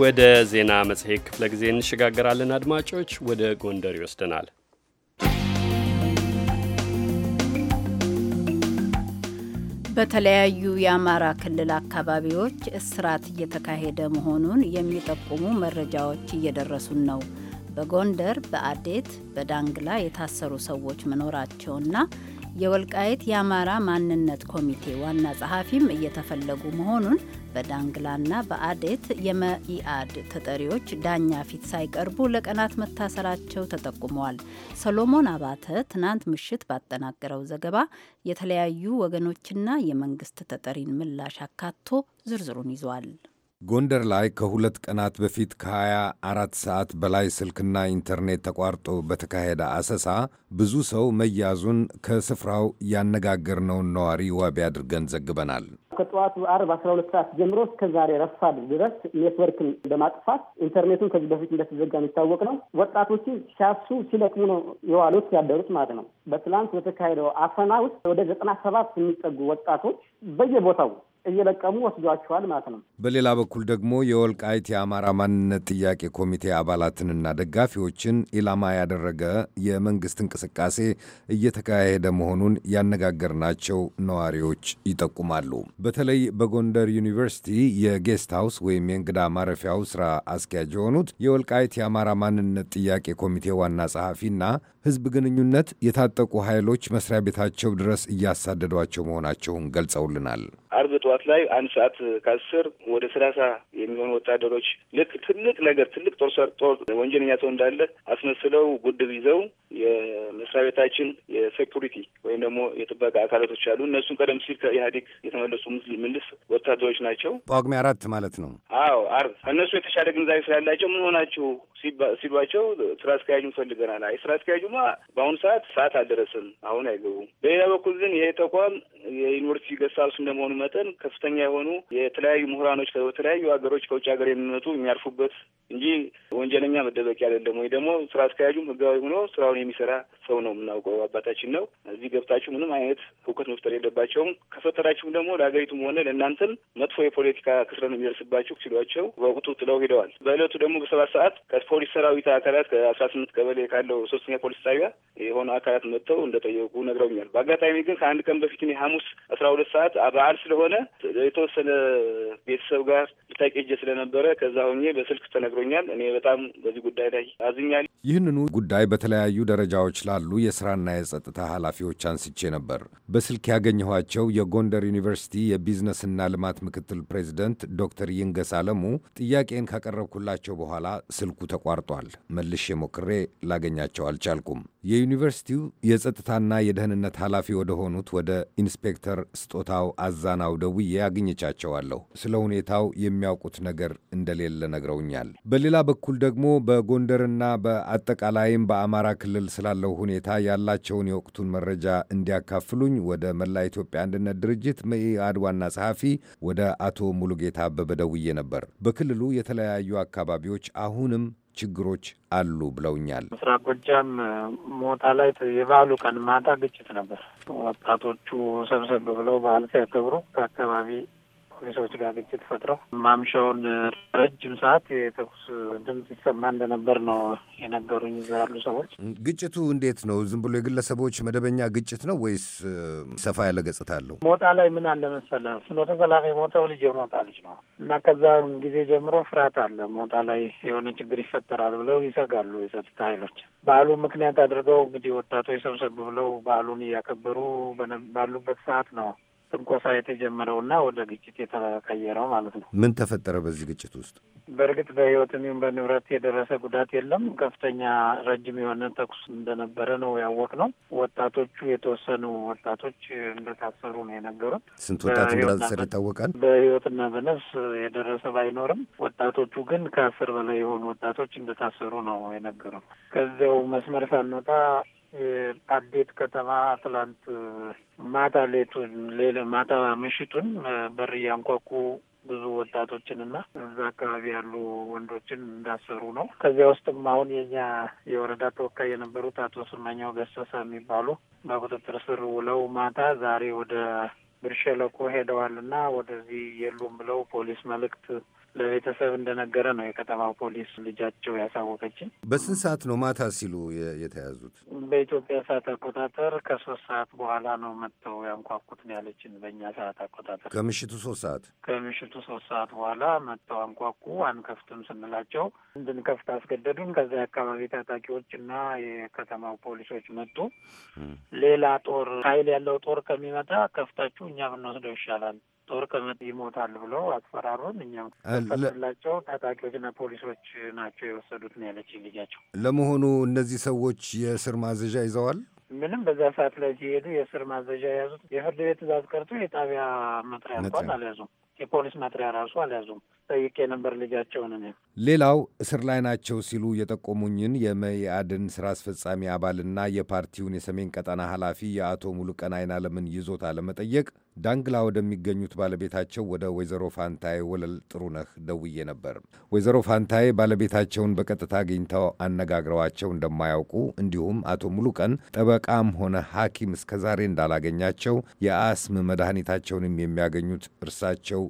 ወደ ዜና መጽሔት ክፍለ ጊዜ እንሸጋገራለን። አድማጮች ወደ ጎንደር ይወስደናል። በተለያዩ የአማራ ክልል አካባቢዎች እስራት እየተካሄደ መሆኑን የሚጠቁሙ መረጃዎች እየደረሱን ነው። በጎንደር በአዴት በዳንግላ የታሰሩ ሰዎች መኖራቸውና የወልቃየት የአማራ ማንነት ኮሚቴ ዋና ጸሐፊም እየተፈለጉ መሆኑን በዳንግላና በአዴት የመኢአድ ተጠሪዎች ዳኛ ፊት ሳይቀርቡ ለቀናት መታሰራቸው ተጠቁመዋል። ሰሎሞን አባተ ትናንት ምሽት ባጠናቀረው ዘገባ የተለያዩ ወገኖችና የመንግስት ተጠሪን ምላሽ አካቶ ዝርዝሩን ይዟል። ጎንደር ላይ ከሁለት ቀናት በፊት ከ24 ሰዓት በላይ ስልክና ኢንተርኔት ተቋርጦ በተካሄደ አሰሳ ብዙ ሰው መያዙን ከስፍራው ያነጋገርነውን ነዋሪ ዋቢ አድርገን ዘግበናል። ከጠዋቱ አርብ አስራ ሁለት ሰዓት ጀምሮ እስከ ዛሬ ረፋድ ድረስ ኔትወርክን በማጥፋት ኢንተርኔቱን ከዚህ በፊት እንደተዘጋ የሚታወቅ ነው። ወጣቶቹ ሲያሱ ሲለቅሙ ነው የዋሉት ያደሩት ማለት ነው። በትላንት በተካሄደው አፈና ውስጥ ወደ ዘጠና ሰባት የሚጠጉ ወጣቶች በየቦታው እየለቀሙ ወስዷቸዋል ማለት ነው። በሌላ በኩል ደግሞ የወልቃይት የአማራ ማንነት ጥያቄ ኮሚቴ አባላትንና ደጋፊዎችን ኢላማ ያደረገ የመንግስት እንቅስቃሴ እየተካሄደ መሆኑን ያነጋገርናቸው ነዋሪዎች ይጠቁማሉ። በተለይ በጎንደር ዩኒቨርሲቲ የጌስት ሃውስ ወይም የእንግዳ ማረፊያው ስራ አስኪያጅ የሆኑት የወልቃይት የአማራ ማንነት ጥያቄ ኮሚቴ ዋና ጸሐፊና ህዝብ ግንኙነት የታጠቁ ኃይሎች መስሪያ ቤታቸው ድረስ እያሳደዷቸው መሆናቸውን ገልጸውልናል። ጠዋት ላይ አንድ ሰዓት ከአስር ወደ ሰላሳ የሚሆኑ ወታደሮች ልክ ትልቅ ነገር ትልቅ ጦር ጦር ወንጀለኛ ሰው እንዳለ አስመስለው ጉድብ ይዘው የመስሪያ ቤታችን የሴኩሪቲ ወይም ደግሞ የጥበቃ አካላቶች አሉ። እነሱን ቀደም ሲል ከኢህአዴግ የተመለሱ ምልስ ወታደሮች ናቸው። ጳጉሜ አራት ማለት ነው። አዎ፣ አርብ እነሱ የተሻለ ግንዛቤ ስላላቸው ምን ሆናችሁ ሲሏቸው ስራ አስኪያጁን ፈልገናል። አይ ስራ አስኪያጁማ በአሁኑ ሰዓት ሰዓት አልደረሰም፣ አሁን አይገቡም። በሌላ በኩል ግን ይሄ ተቋም የዩኒቨርሲቲ ገሳሱ እንደመሆኑ መጠን ከፍተኛ የሆኑ የተለያዩ ምሁራኖች ከተለያዩ ሀገሮች ከውጭ ሀገር የሚመጡ የሚያርፉበት እንጂ ወንጀለኛ መደበቂያ አይደለም። ወይ ደግሞ ስራ አስኪያጁም ህጋዊ ሆኖ ስራውን የሚሰራ ሰው ነው የምናውቀው፣ አባታችን ነው። እዚህ ገብታችሁ ምንም አይነት እውቀት መፍጠር የለባቸውም። ከፈጠራችሁም ደግሞ ለሀገሪቱም ሆነ ለእናንተም መጥፎ የፖለቲካ ክስረት ነው የሚደርስባችሁ ሲሏቸው በወቅቱ ጥለው ሄደዋል። በእለቱ ደግሞ በሰባት ሰዓት የፖሊስ ሰራዊት አካላት ከአስራ ስምንት ቀበሌ ካለው ሶስተኛ ፖሊስ ጣቢያ የሆኑ አካላት መጥተው እንደጠየቁ ነግረውኛል። በአጋጣሚ ግን ከአንድ ቀን በፊት እኔ ሐሙስ አስራ ሁለት ሰዓት በዓል ስለሆነ የተወሰነ ቤተሰብ ጋር ልታቄጀ ስለነበረ ከዛ ሆኜ በስልክ ተነግሮኛል። እኔ በጣም በዚህ ጉዳይ ላይ አዝኛል። ይህንኑ ጉዳይ በተለያዩ ደረጃዎች ላሉ የስራና የጸጥታ ኃላፊዎች አንስቼ ነበር። በስልክ ያገኘኋቸው የጎንደር ዩኒቨርሲቲ የቢዝነስና ልማት ምክትል ፕሬዚደንት ዶክተር ይንገስ አለሙ ጥያቄን ካቀረብኩላቸው በኋላ ስልኩ ተቋርጧል። መልሼ ሞክሬ ላገኛቸው አልቻልኩም። የዩኒቨርሲቲው የጸጥታና የደህንነት ኃላፊ ወደ ሆኑት ወደ ኢንስፔክተር ስጦታው አዛናው ደውዬ አግኝቻቸዋለሁ። ስለ ሁኔታው የሚያውቁት ነገር እንደሌለ ነግረውኛል። በሌላ በኩል ደግሞ በጎንደርና በአጠቃላይም በአማራ ክልል ስላለው ሁኔታ ያላቸውን የወቅቱን መረጃ እንዲያካፍሉኝ ወደ መላ ኢትዮጵያ አንድነት ድርጅት መኢአድ ዋና ጸሐፊ ወደ አቶ ሙሉጌታ አበበ ደውዬ ነበር። በክልሉ የተለያዩ አካባቢዎች አሁንም ችግሮች አሉ ብለውኛል። ምስራቅ ጎጃም ሞጣ ላይ የበዓሉ ቀን ማታ ግጭት ነበር። ወጣቶቹ ሰብሰብ ብለው በዓል ሲያከብሩ ከአካባቢ ከፖሊሶች ጋር ግጭት ፈጥረው ማምሻውን ረጅም ሰዓት የተኩስ ድምፅ ይሰማ እንደነበር ነው የነገሩኝ እዛ ያሉ ሰዎች። ግጭቱ እንዴት ነው? ዝም ብሎ የግለሰቦች መደበኛ ግጭት ነው ወይስ ሰፋ ያለ ገጽታ አለው? ሞጣ ላይ ምን አለ መሰለ፣ ፍኖተ ሰላም የሞተው ልጅ የሞጣ ልጅ ነው እና ከዛ ጊዜ ጀምሮ ፍርሃት አለ። ሞጣ ላይ የሆነ ችግር ይፈጠራል ብለው ይሰጋሉ የጸጥታ ኃይሎች። በዓሉ ምክንያት አድርገው እንግዲህ ወጣቶች ሰብሰብ ብለው በዓሉን እያከበሩ ባሉበት ሰዓት ነው ትንኮሳ የተጀመረውና ወደ ግጭት የተቀየረው ማለት ነው። ምን ተፈጠረ በዚህ ግጭት ውስጥ? በእርግጥ በህይወት ይሁን በንብረት የደረሰ ጉዳት የለም። ከፍተኛ ረጅም የሆነ ተኩስ እንደነበረ ነው ያወቅ ነው። ወጣቶቹ የተወሰኑ ወጣቶች እንደታሰሩ ነው የነገሩት። ስንት ወጣት እንዳሰር ይታወቃል። በህይወትና በነፍስ የደረሰ ባይኖርም ወጣቶቹ ግን ከአስር በላይ የሆኑ ወጣቶች እንደታሰሩ ነው የነገሩት። ከዚያው መስመር ሳንወጣ አዴት ከተማ ትላንት ማታ ሌቱን ሌለ ማታ ምሽቱን በር እያንኳኩ ብዙ ወጣቶችን እና እዛ አካባቢ ያሉ ወንዶችን እንዳሰሩ ነው። ከዚያ ውስጥም አሁን የኛ የወረዳ ተወካይ የነበሩት አቶ ስመኛው ገሰሳ የሚባሉ በቁጥጥር ስር ውለው ማታ ዛሬ ወደ ብርሸለቆ ሄደዋል እና ወደዚህ የሉም ብለው ፖሊስ መልእክት ለቤተሰብ እንደነገረ ነው የከተማው ፖሊስ ልጃቸው ያሳወቀችን። በስንት ሰዓት ነው ማታ ሲሉ የተያዙት? በኢትዮጵያ ሰዓት አቆጣጠር ከሶስት ሰዓት በኋላ ነው መጥተው ያንኳኩት ነው ያለችን። በእኛ ሰዓት አቆጣጠር ከምሽቱ ሶስት ሰዓት ከምሽቱ ሶስት ሰዓት በኋላ መጥተው አንኳኩ። አንከፍትም ስንላቸው እንድንከፍት አስገደዱን። ከዛ የአካባቢ ታጣቂዎች እና የከተማው ፖሊሶች መጡ። ሌላ ጦር ኃይል ያለው ጦር ከሚመጣ ከፍታችሁ እኛ ብንወስደው ይሻላል ጦር ቅምጥ ይሞታል ብሎ አስፈራሩን። እኛም ፈላቸው ታጣቂዎችና ፖሊሶች ናቸው የወሰዱት ነው ያለች ልጃቸው። ለመሆኑ እነዚህ ሰዎች የእስር ማዘዣ ይዘዋል? ምንም በዛ ሰዓት ላይ ሲሄዱ የእስር ማዘዣ የያዙት የፍርድ ቤት ትዕዛዝ ቀርቶ የጣቢያ መጥሪያ እንኳን አልያዙም። የፖሊስ መጥሪያ ራሱ አልያዙም። ጠይቄ ነበር ልጃቸውን እኔ። ሌላው እስር ላይ ናቸው ሲሉ የጠቆሙኝን የመኢአድን ስራ አስፈጻሚ አባልና የፓርቲውን የሰሜን ቀጠና ኃላፊ የአቶ ሙሉቀን አይናለምን ይዞታ ለመጠየቅ ዳንግላ ወደሚገኙት ባለቤታቸው ወደ ወይዘሮ ፋንታዬ ወለል ጥሩነህ ደውዬ ነበር። ወይዘሮ ፋንታዬ ባለቤታቸውን በቀጥታ አግኝተው አነጋግረዋቸው እንደማያውቁ እንዲሁም አቶ ሙሉቀን ጠበቃም ሆነ ሐኪም እስከዛሬ እንዳላገኛቸው የአስም መድኃኒታቸውንም የሚያገኙት እርሳቸው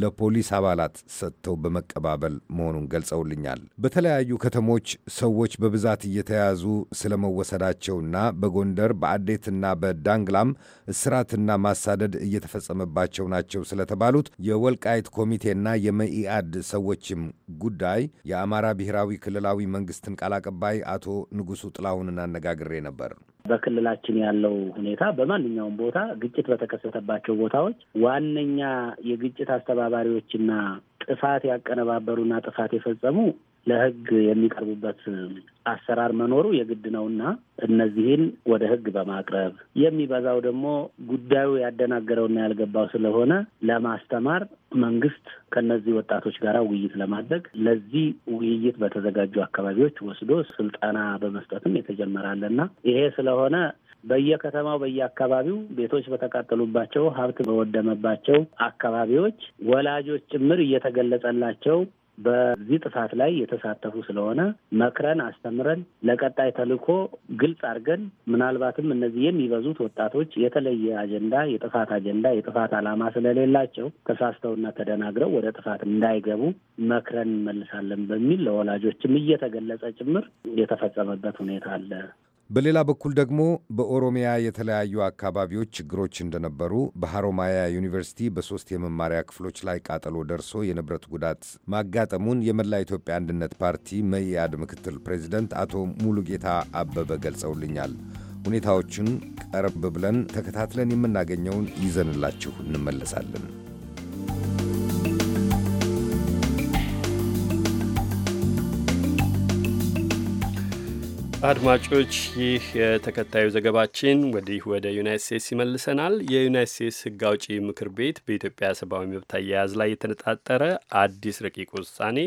ለፖሊስ አባላት ሰጥተው በመቀባበል መሆኑን ገልጸውልኛል። በተለያዩ ከተሞች ሰዎች በብዛት እየተያዙ ስለመወሰዳቸውና በጎንደር በአዴትና በዳንግላም እስራትና ማሳደድ እየተፈጸመባቸው ናቸው ስለተባሉት የወልቃይት ኮሚቴና የመኢአድ ሰዎችም ጉዳይ የአማራ ብሔራዊ ክልላዊ መንግስትን ቃል አቀባይ አቶ ንጉሱ ጥላሁንን አነጋግሬ ነበር። በክልላችን ያለው ሁኔታ በማንኛውም ቦታ ግጭት በተከሰተባቸው ቦታዎች ዋነኛ የግጭት አስተባባሪዎችና ጥፋት ያቀነባበሩና ጥፋት የፈጸሙ ለህግ የሚቀርቡበት አሰራር መኖሩ የግድ ነውና እነዚህን ወደ ህግ በማቅረብ የሚበዛው ደግሞ ጉዳዩ ያደናገረውና ያልገባው ስለሆነ ለማስተማር መንግስት ከነዚህ ወጣቶች ጋር ውይይት ለማድረግ ለዚህ ውይይት በተዘጋጁ አካባቢዎች ወስዶ ስልጠና በመስጠትም የተጀመራለና ይሄ ስለሆነ በየከተማው በየአካባቢው ቤቶች በተቃጠሉባቸው ሀብት በወደመባቸው አካባቢዎች ወላጆች ጭምር እየተገለጸላቸው በዚህ ጥፋት ላይ የተሳተፉ ስለሆነ መክረን አስተምረን ለቀጣይ ተልእኮ ግልጽ አድርገን ምናልባትም እነዚህ የሚበዙት ወጣቶች የተለየ አጀንዳ የጥፋት አጀንዳ የጥፋት ዓላማ ስለሌላቸው ተሳስተውና ተደናግረው ወደ ጥፋት እንዳይገቡ መክረን እንመልሳለን በሚል ለወላጆችም እየተገለጸ ጭምር የተፈጸመበት ሁኔታ አለ። በሌላ በኩል ደግሞ በኦሮሚያ የተለያዩ አካባቢዎች ችግሮች እንደነበሩ በሐሮማያ ዩኒቨርሲቲ በሦስት የመማሪያ ክፍሎች ላይ ቃጠሎ ደርሶ የንብረት ጉዳት ማጋጠሙን የመላ ኢትዮጵያ አንድነት ፓርቲ መኢአድ ምክትል ፕሬዚደንት አቶ ሙሉጌታ አበበ ገልጸውልኛል። ሁኔታዎችን ቀረብ ብለን ተከታትለን የምናገኘውን ይዘንላችሁ እንመለሳለን። አድማጮች ይህ የተከታዩ ዘገባችን ወዲህ ወደ ዩናይት ስቴትስ ይመልሰናል። የዩናይት ስቴትስ ሕግ አውጪ ምክር ቤት በኢትዮጵያ ሰብአዊ መብት አያያዝ ላይ የተነጣጠረ አዲስ ረቂቅ ውሳኔ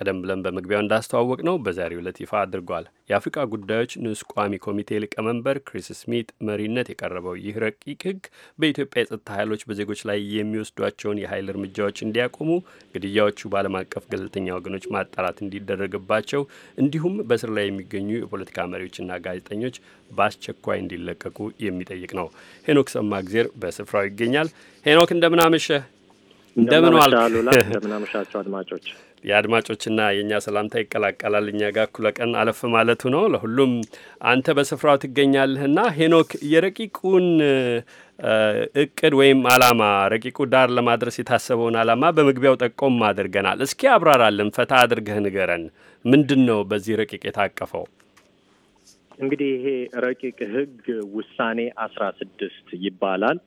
ቀደም ብለን በመግቢያው እንዳስተዋወቅ ነው በዛሬው ዕለት ይፋ አድርጓል። የአፍሪካ ጉዳዮች ንዑስ ቋሚ ኮሚቴ ሊቀመንበር ክሪስ ስሚት መሪነት የቀረበው ይህ ረቂቅ ሕግ በኢትዮጵያ የጸጥታ ኃይሎች በዜጎች ላይ የሚወስዷቸውን የኃይል እርምጃዎች እንዲያቆሙ፣ ግድያዎቹ በዓለም አቀፍ ገለልተኛ ወገኖች ማጣራት እንዲደረግባቸው፣ እንዲሁም በእስር ላይ የሚገኙ የፖለቲካ መሪዎችና ጋዜጠኞች በአስቸኳይ እንዲለቀቁ የሚጠይቅ ነው። ሄኖክ ሰማእግዜር በስፍራው ይገኛል። ሄኖክ እንደምን እንደምን ዋልክ? አድማጮች የአድማጮችና የእኛ ሰላምታ ይቀላቀላል። እኛ ጋር እኩለ ቀን አለፍ ማለቱ ነው። ለሁሉም አንተ በስፍራው ትገኛለህና ሄኖክ የረቂቁን እቅድ ወይም አላማ ረቂቁ ዳር ለማድረስ የታሰበውን አላማ በመግቢያው ጠቆም አድርገናል። እስኪ አብራራልን፣ ፈታ አድርገህ ንገረን። ምንድን ነው በዚህ ረቂቅ የታቀፈው? እንግዲህ ይሄ ረቂቅ ህግ ውሳኔ አስራ ስድስት ይባላል።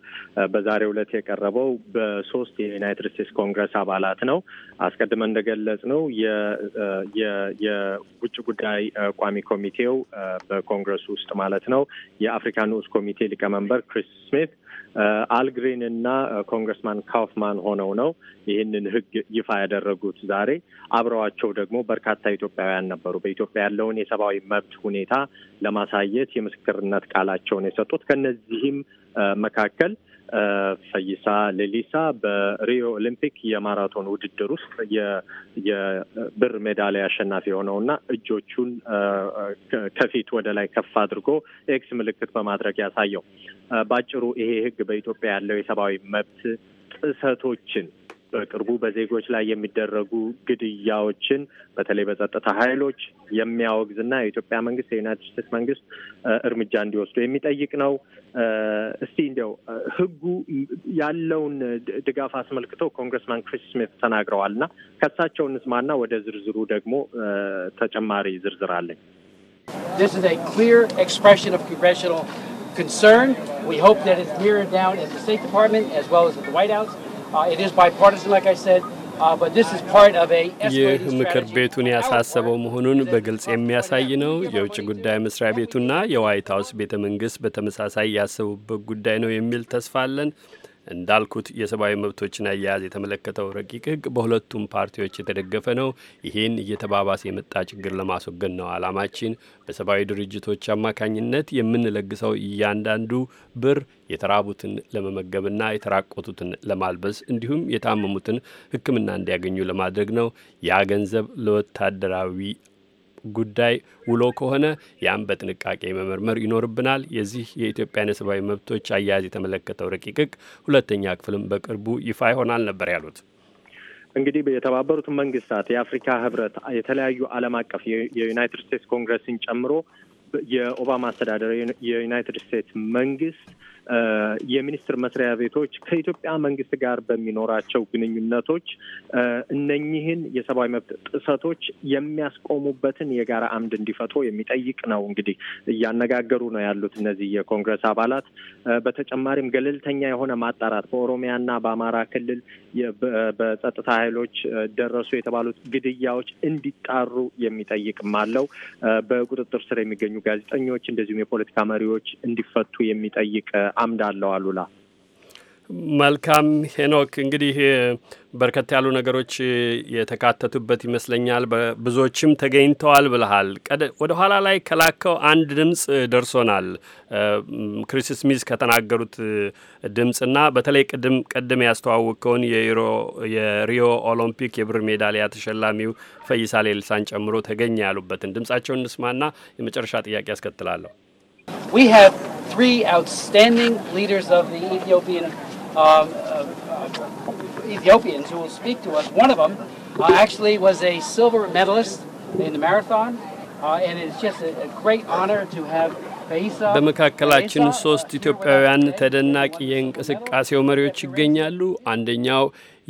በዛሬው ዕለት የቀረበው በሶስት የዩናይትድ ስቴትስ ኮንግረስ አባላት ነው። አስቀድመን እንደገለጽ ነው የውጭ ጉዳይ ቋሚ ኮሚቴው በኮንግረሱ ውስጥ ማለት ነው የአፍሪካ ንዑስ ኮሚቴ ሊቀመንበር ክሪስ ስሚት አልግሪን እና ኮንግረስማን ካውፍማን ሆነው ነው ይህንን ህግ ይፋ ያደረጉት። ዛሬ አብረዋቸው ደግሞ በርካታ ኢትዮጵያውያን ነበሩ። በኢትዮጵያ ያለውን የሰብአዊ መብት ሁኔታ ለማሳየት የምስክርነት ቃላቸውን የሰጡት ከነዚህም መካከል ፈይሳ ሌሊሳ በሪዮ ኦሊምፒክ የማራቶን ውድድር ውስጥ የብር ሜዳሊያ አሸናፊ የሆነው እና እጆቹን ከፊት ወደ ላይ ከፍ አድርጎ ኤክስ ምልክት በማድረግ ያሳየው። በአጭሩ ይሄ ህግ በኢትዮጵያ ያለው የሰብአዊ መብት ጥሰቶችን በቅርቡ በዜጎች ላይ የሚደረጉ ግድያዎችን በተለይ በጸጥታ ኃይሎች የሚያወግዝና የኢትዮጵያ መንግስት የዩናይትድ ስቴትስ መንግስት እርምጃ እንዲወስዱ የሚጠይቅ ነው። እስቲ እንዲያው ህጉ ያለውን ድጋፍ አስመልክቶ ኮንግረስማን ክሪስ ስሚት ተናግረዋል እና ከእሳቸው እንስማና ወደ ዝርዝሩ ደግሞ ተጨማሪ ዝርዝር አለኝ። This is a clear expression of congressional concern. We hope that it's mirrored down at the State Department as well as at the White House. Uh, it is bipartisan, like I said. Uh, ይህ ምክር ቤቱን ያሳሰበው መሆኑን በግልጽ የሚያሳይ ነው። የውጭ ጉዳይ መስሪያ ቤቱና የዋይት ሀውስ ቤተ መንግስት በተመሳሳይ ያሰቡበት ጉዳይ ነው የሚል ተስፋ አለን። እንዳልኩት የሰብአዊ መብቶችን አያያዝ የተመለከተው ረቂቅ ህግ በሁለቱም ፓርቲዎች የተደገፈ ነው። ይህን እየተባባሰ የመጣ ችግር ለማስወገድ ነው ዓላማችን። በሰብአዊ ድርጅቶች አማካኝነት የምንለግሰው እያንዳንዱ ብር የተራቡትን ለመመገብና የተራቆቱትን ለማልበስ እንዲሁም የታመሙትን ሕክምና እንዲያገኙ ለማድረግ ነው። ያ ገንዘብ ለወታደራዊ ጉዳይ ውሎ ከሆነ ያም በጥንቃቄ መመርመር ይኖርብናል። የዚህ የኢትዮጵያን የሰብአዊ መብቶች አያያዝ የተመለከተው ረቂቅ ሕግ ሁለተኛ ክፍልም በቅርቡ ይፋ ይሆናል ነበር ያሉት። እንግዲህ የተባበሩት መንግስታት፣ የአፍሪካ ህብረት፣ የተለያዩ ዓለም አቀፍ የዩናይትድ ስቴትስ ኮንግረስን ጨምሮ የኦባማ አስተዳደር የዩናይትድ ስቴትስ መንግስት የሚኒስቴር መስሪያ ቤቶች ከኢትዮጵያ መንግስት ጋር በሚኖራቸው ግንኙነቶች እነኚህን የሰብአዊ መብት ጥሰቶች የሚያስቆሙበትን የጋራ አምድ እንዲፈጥሩ የሚጠይቅ ነው። እንግዲህ እያነጋገሩ ነው ያሉት እነዚህ የኮንግረስ አባላት። በተጨማሪም ገለልተኛ የሆነ ማጣራት በኦሮሚያና በአማራ ክልል በጸጥታ ኃይሎች ደረሱ የተባሉት ግድያዎች እንዲጣሩ የሚጠይቅም አለው። በቁጥጥር ስር የሚገኙ ጋዜጠኞች እንደዚሁም የፖለቲካ መሪዎች እንዲፈቱ የሚጠይቅ አምድ አለው። አሉላ መልካም ሄኖክ፣ እንግዲህ በርከት ያሉ ነገሮች የተካተቱበት ይመስለኛል። ብዙዎችም ተገኝተዋል ብልሃል። ወደ ኋላ ላይ ከላከው አንድ ድምፅ ደርሶናል። ክሪስ ስሚዝ ከተናገሩት ድምፅና በተለይ ቅድም ቅድም ያስተዋወቀውን የሪዮ ኦሎምፒክ የብር ሜዳሊያ ተሸላሚው ፈይሳ ሌሊሳን ጨምሮ ተገኘ ያሉበትን ድምፃቸውን እንስማና የመጨረሻ ጥያቄ ያስከትላለሁ። We have three outstanding leaders of the Ethiopian um, uh, Ethiopians who will speak to us. One of them uh, actually was a silver medalist in the marathon, uh, and it's just a, a great honor to have በመካከላችን uh, ሶስት ኢትዮጵያውያን ተደናቂ የእንቅስቃሴው መሪዎች ይገኛሉ። አንደኛው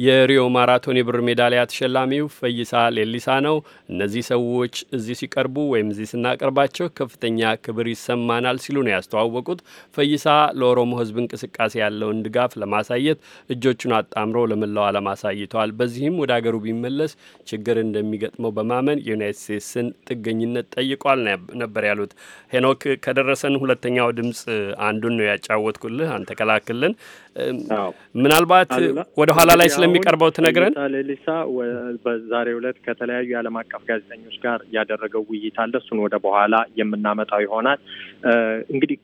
የሪዮ ማራቶን የብር ሜዳሊያ ተሸላሚው ፈይሳ ሌሊሳ ነው። እነዚህ ሰዎች እዚህ ሲቀርቡ ወይም እዚህ ስናቀርባቸው ከፍተኛ ክብር ይሰማናል ሲሉ ነው ያስተዋወቁት። ፈይሳ ለኦሮሞ ሕዝብ እንቅስቃሴ ያለውን ድጋፍ ለማሳየት እጆቹን አጣምሮ ለመላው ዓለም አሳይተዋል። በዚህም ወደ አገሩ ቢመለስ ችግር እንደሚገጥመው በማመን የዩናይት ስቴትስን ጥገኝነት ጠይቋል ነበር ያሉት። ሄኖክ ከደረሰን ሁለተኛው ድምፅ አንዱን ነው ያጫወትኩልህ፣ አንተ ከላክልን ምናልባት ወደኋላ ላይ ስለ ስለሚቀርበው ትነግረን። ሌሊሳ በዛሬው ዕለት ከተለያዩ የዓለም አቀፍ ጋዜጠኞች ጋር ያደረገው ውይይት አለ። እሱን ወደ በኋላ የምናመጣው ይሆናል። እንግዲህ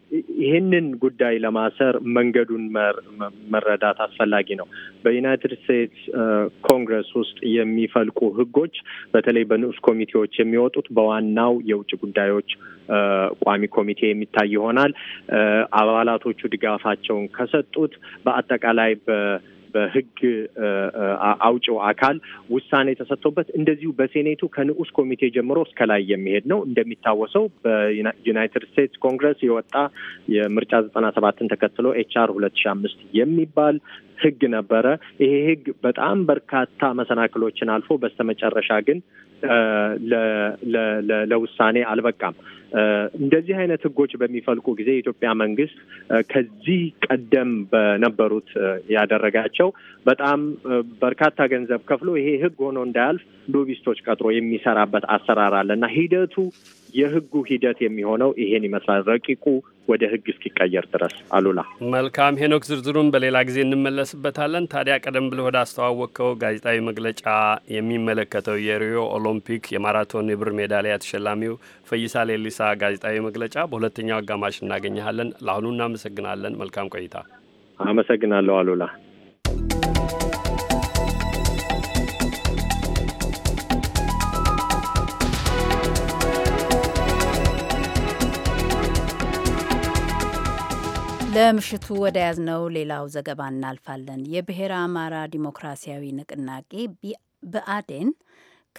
ይህንን ጉዳይ ለማሰር መንገዱን መረዳት አስፈላጊ ነው። በዩናይትድ ስቴትስ ኮንግረስ ውስጥ የሚፈልቁ ህጎች በተለይ በንዑስ ኮሚቴዎች የሚወጡት በዋናው የውጭ ጉዳዮች ቋሚ ኮሚቴ የሚታይ ይሆናል። አባላቶቹ ድጋፋቸውን ከሰጡት በአጠቃላይ በ በህግ አውጪው አካል ውሳኔ ተሰጥቶበት እንደዚሁ በሴኔቱ ከንዑስ ኮሚቴ ጀምሮ እስከ ላይ የሚሄድ ነው። እንደሚታወሰው በዩናይትድ ስቴትስ ኮንግረስ የወጣ የምርጫ ዘጠና ሰባትን ተከትሎ ኤችአር ሁለት ሺ አምስት የሚባል ህግ ነበረ። ይሄ ህግ በጣም በርካታ መሰናክሎችን አልፎ በስተመጨረሻ ግን ለውሳኔ አልበቃም። እንደዚህ አይነት ህጎች በሚፈልቁ ጊዜ የኢትዮጵያ መንግስት ከዚህ ቀደም በነበሩት ያደረጋቸው በጣም በርካታ ገንዘብ ከፍሎ ይሄ ህግ ሆኖ እንዳያልፍ ሎቢስቶች ቀጥሮ የሚሰራበት አሰራር አለ እና ሂደቱ የህጉ ሂደት የሚሆነው ይሄን ይመስላል ረቂቁ ወደ ህግ እስኪቀየር ድረስ። አሉላ መልካም ሄኖክ፣ ዝርዝሩን በሌላ ጊዜ እንመለስበታለን። ታዲያ ቀደም ብለህ ወደ አስተዋወቅከው ጋዜጣዊ መግለጫ የሚመለከተው የሪዮ ኦሎምፒክ የማራቶን የብር ሜዳሊያ ተሸላሚው ፈይሳ ሌሊሳ ጋዜጣዊ መግለጫ በሁለተኛው አጋማሽ እናገኘሃለን። ለአሁኑ እናመሰግናለን። መልካም ቆይታ። አመሰግናለሁ አሉላ። ለምሽቱ ወደ ያዝነው ሌላው ዘገባ እናልፋለን። የብሔረ አማራ ዲሞክራሲያዊ ንቅናቄ ብአዴን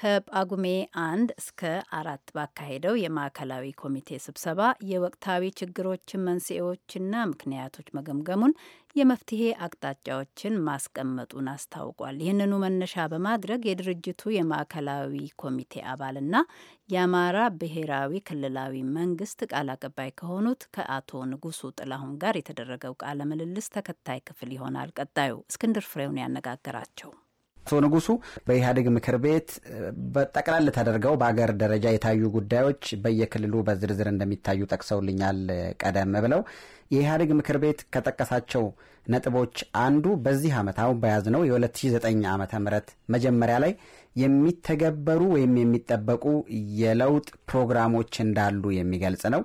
ከጳጉሜ አንድ እስከ አራት ባካሄደው የማዕከላዊ ኮሚቴ ስብሰባ የወቅታዊ ችግሮችን መንስኤዎችና ምክንያቶች መገምገሙን የመፍትሄ አቅጣጫዎችን ማስቀመጡን አስታውቋል። ይህንኑ መነሻ በማድረግ የድርጅቱ የማዕከላዊ ኮሚቴ አባልና የአማራ ብሔራዊ ክልላዊ መንግስት ቃል አቀባይ ከሆኑት ከአቶ ንጉሱ ጥላሁን ጋር የተደረገው ቃለ ምልልስ ተከታይ ክፍል ይሆናል። ቀጣዩ እስክንድር ፍሬውን ያነጋገራቸው አቶ ንጉሱ በኢህአዴግ ምክር ቤት በጠቅላል ተደርገው በአገር ደረጃ የታዩ ጉዳዮች በየክልሉ በዝርዝር እንደሚታዩ ጠቅሰውልኛል ቀደም ብለው። የኢህአዴግ ምክር ቤት ከጠቀሳቸው ነጥቦች አንዱ በዚህ ዓመት አሁን በያዝነው የ2009 ዓ ም መጀመሪያ ላይ የሚተገበሩ ወይም የሚጠበቁ የለውጥ ፕሮግራሞች እንዳሉ የሚገልጽ ነው።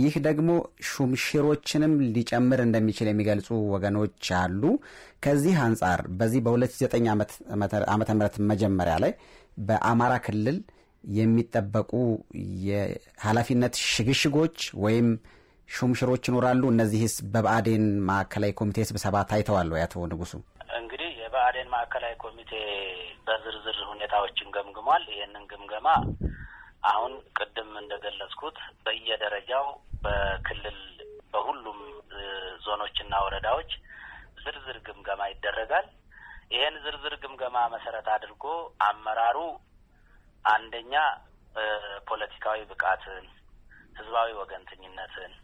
ይህ ደግሞ ሹምሽሮችንም ሊጨምር እንደሚችል የሚገልጹ ወገኖች አሉ። ከዚህ አንጻር በዚህ በ2009 ዓመተ ምህረት መጀመሪያ ላይ በአማራ ክልል የሚጠበቁ የኃላፊነት ሽግሽጎች ወይም ሹምሽሮች ይኖራሉ። እነዚህስ በብአዴን ማዕከላዊ ኮሚቴ ስብሰባ ታይተዋል ወይ? አቶ ንጉሱ የብአዴን ማዕከላዊ ኮሚቴ በዝርዝር ሁኔታዎችን ገምግሟል። ይህንን ግምገማ አሁን ቅድም እንደገለጽኩት በየደረጃው በክልል በሁሉም ዞኖችና ወረዳዎች ዝርዝር ግምገማ ይደረጋል። ይህን ዝርዝር ግምገማ መሰረት አድርጎ አመራሩ አንደኛ ፖለቲካዊ ብቃትን፣ ህዝባዊ ወገንተኝነትን፣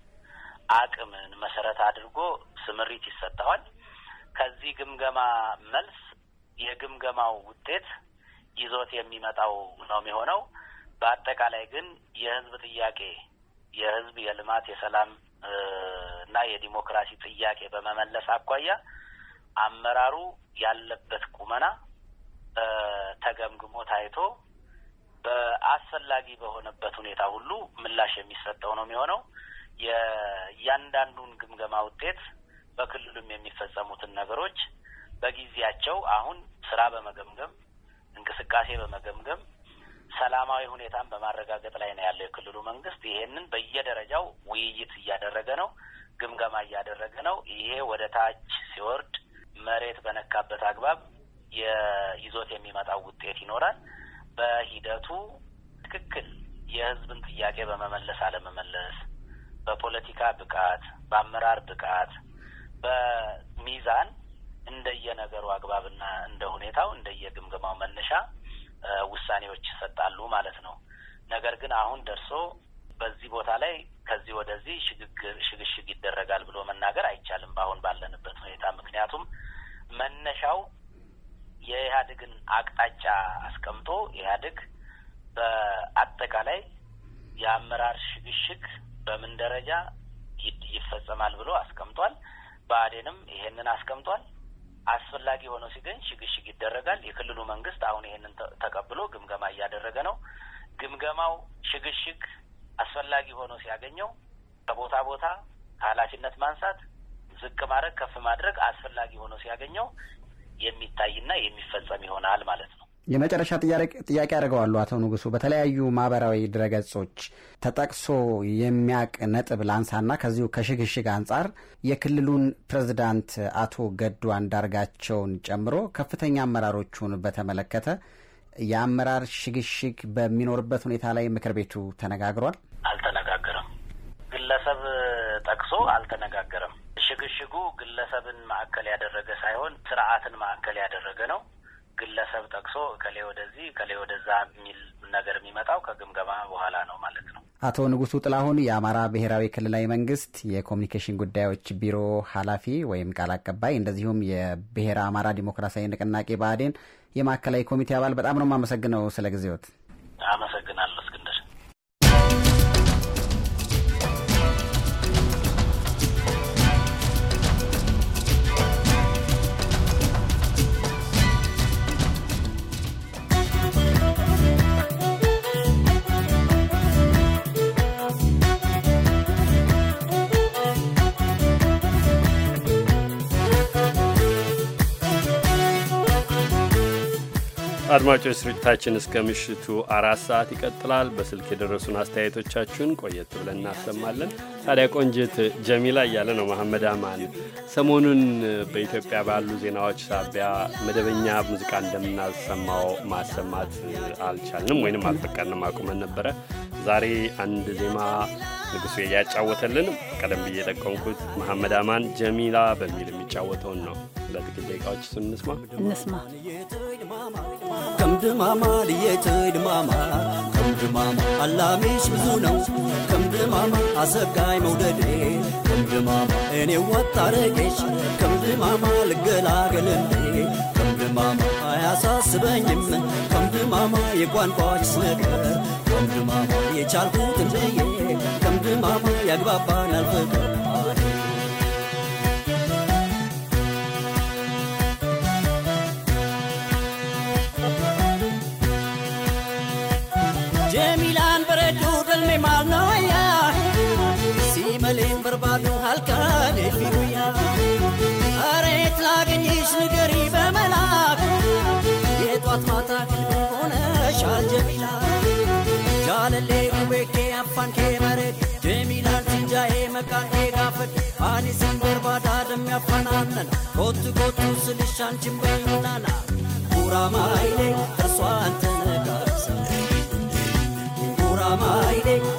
አቅምን መሰረት አድርጎ ስምሪት ይሰጠዋል። ከዚህ ግምገማ መልስ የግምገማው ውጤት ይዞት የሚመጣው ነው የሚሆነው። በአጠቃላይ ግን የህዝብ ጥያቄ የህዝብ የልማት የሰላም እና የዲሞክራሲ ጥያቄ በመመለስ አኳያ አመራሩ ያለበት ቁመና ተገምግሞ ታይቶ በአስፈላጊ በሆነበት ሁኔታ ሁሉ ምላሽ የሚሰጠው ነው የሚሆነው። የእያንዳንዱን ግምገማ ውጤት በክልሉም የሚፈጸሙትን ነገሮች በጊዜያቸው አሁን ስራ በመገምገም እንቅስቃሴ በመገምገም ሰላማዊ ሁኔታን በማረጋገጥ ላይ ነው ያለው የክልሉ መንግስት። ይሄንን በየደረጃው ውይይት እያደረገ ነው፣ ግምገማ እያደረገ ነው። ይሄ ወደ ታች ሲወርድ መሬት በነካበት አግባብ የይዞት የሚመጣው ውጤት ይኖራል። በሂደቱ ትክክል የህዝብን ጥያቄ በመመለስ አለመመለስ፣ በፖለቲካ ብቃት፣ በአመራር ብቃት በሚዛን እንደየነገሩ አግባብና እንደ ሁኔታው እንደየግምገማው መነሻ ውሳኔዎች ይሰጣሉ ማለት ነው። ነገር ግን አሁን ደርሶ በዚህ ቦታ ላይ ከዚህ ወደዚህ ሽግግር ሽግሽግ ይደረጋል ብሎ መናገር አይቻልም በአሁን ባለንበት ሁኔታ። ምክንያቱም መነሻው የኢህአዴግን አቅጣጫ አስቀምጦ ኢህአዴግ በአጠቃላይ የአመራር ሽግሽግ በምን ደረጃ ይፈጸማል ብሎ አስቀምጧል። ብአዴንም ይሄንን አስቀምጧል። አስፈላጊ ሆኖ ሲገኝ ሽግሽግ ይደረጋል። የክልሉ መንግስት አሁን ይሄንን ተቀብሎ ግምገማ እያደረገ ነው። ግምገማው ሽግሽግ አስፈላጊ ሆኖ ሲያገኘው ከቦታ ቦታ ከኃላፊነት ማንሳት፣ ዝቅ ማድረግ፣ ከፍ ማድረግ አስፈላጊ ሆኖ ሲያገኘው የሚታይና የሚፈጸም ይሆናል ማለት ነው። የመጨረሻ ጥያቄ ያደርገዋሉ። አቶ ንጉሱ በተለያዩ ማህበራዊ ድረገጾች ተጠቅሶ የሚያቅ ነጥብ ላንሳና ከዚሁ ከሽግሽግ አንጻር የክልሉን ፕሬዝዳንት አቶ ገዱ አንዳርጋቸውን ጨምሮ ከፍተኛ አመራሮቹን በተመለከተ የአመራር ሽግሽግ በሚኖርበት ሁኔታ ላይ ምክር ቤቱ ተነጋግሯል? አልተነጋገረም። ግለሰብ ጠቅሶ አልተነጋገረም። ሽግሽጉ ግለሰብን ማዕከል ያደረገ ሳይሆን ስርዓትን ማዕከል ያደረገ ነው። ግለሰብ ጠቅሶ ከሌ ወደዚህ ከሌ ወደዛ የሚል ነገር የሚመጣው ከግምገማ በኋላ ነው ማለት ነው። አቶ ንጉሱ ጥላሁን የአማራ ብሔራዊ ክልላዊ መንግስት የኮሚኒኬሽን ጉዳዮች ቢሮ ኃላፊ ወይም ቃል አቀባይ፣ እንደዚሁም የብሔረ አማራ ዲሞክራሲያዊ ንቅናቄ ብአዴን የማዕከላዊ ኮሚቴ አባል፣ በጣም ነው የማመሰግነው ስለ ጊዜዎት። አመሰግናለሁ። አድማጮች ስርጭታችን እስከ ምሽቱ አራት ሰዓት ይቀጥላል። በስልክ የደረሱን አስተያየቶቻችሁን ቆየት ብለን እናሰማለን። ታዲያ ቆንጅት ጀሚላ እያለ ነው መሐመድ አማን። ሰሞኑን በኢትዮጵያ ባሉ ዜናዎች ሳቢያ መደበኛ ሙዚቃ እንደምናሰማው ማሰማት አልቻልንም ወይንም አልፈቀድንም፣ አቁመን ነበረ። ዛሬ አንድ ዜማ ንጉሱ እያጫወተልን ቀደም ብዬ የጠቀምኩት መሐመድ አማን ጀሚላ በሚል የሚጫወተውን ነው። ለጥቂት ደቂቃዎች እሱን እንስማ እንስማ ከምድማማ ልየት ድማማ ከምድማማ አላሚሽ ብዙ ነው ከምድማማ አሰጋይ መውደዴ ከምድማማ እኔ ወጣረቄሽ ከምድማማ ልገላገልንዴ ከምድማማ አያሳስበኝም ከምድማማ የቋንቋዎች ነገር ከምድማማ የቻልኩትን ብዬ ከምድማማ ያግባባናል ፍቅር ፋን ኬ መሬት ጀሚላል ትንጃሄ መቃን ኬ ጋፈድ አኒ ስንበር ባዳ ደም ያፈናነን ኮቱ ስልሻን ችንበይናና ጉራማይሌ እርሷን ተነጋሰ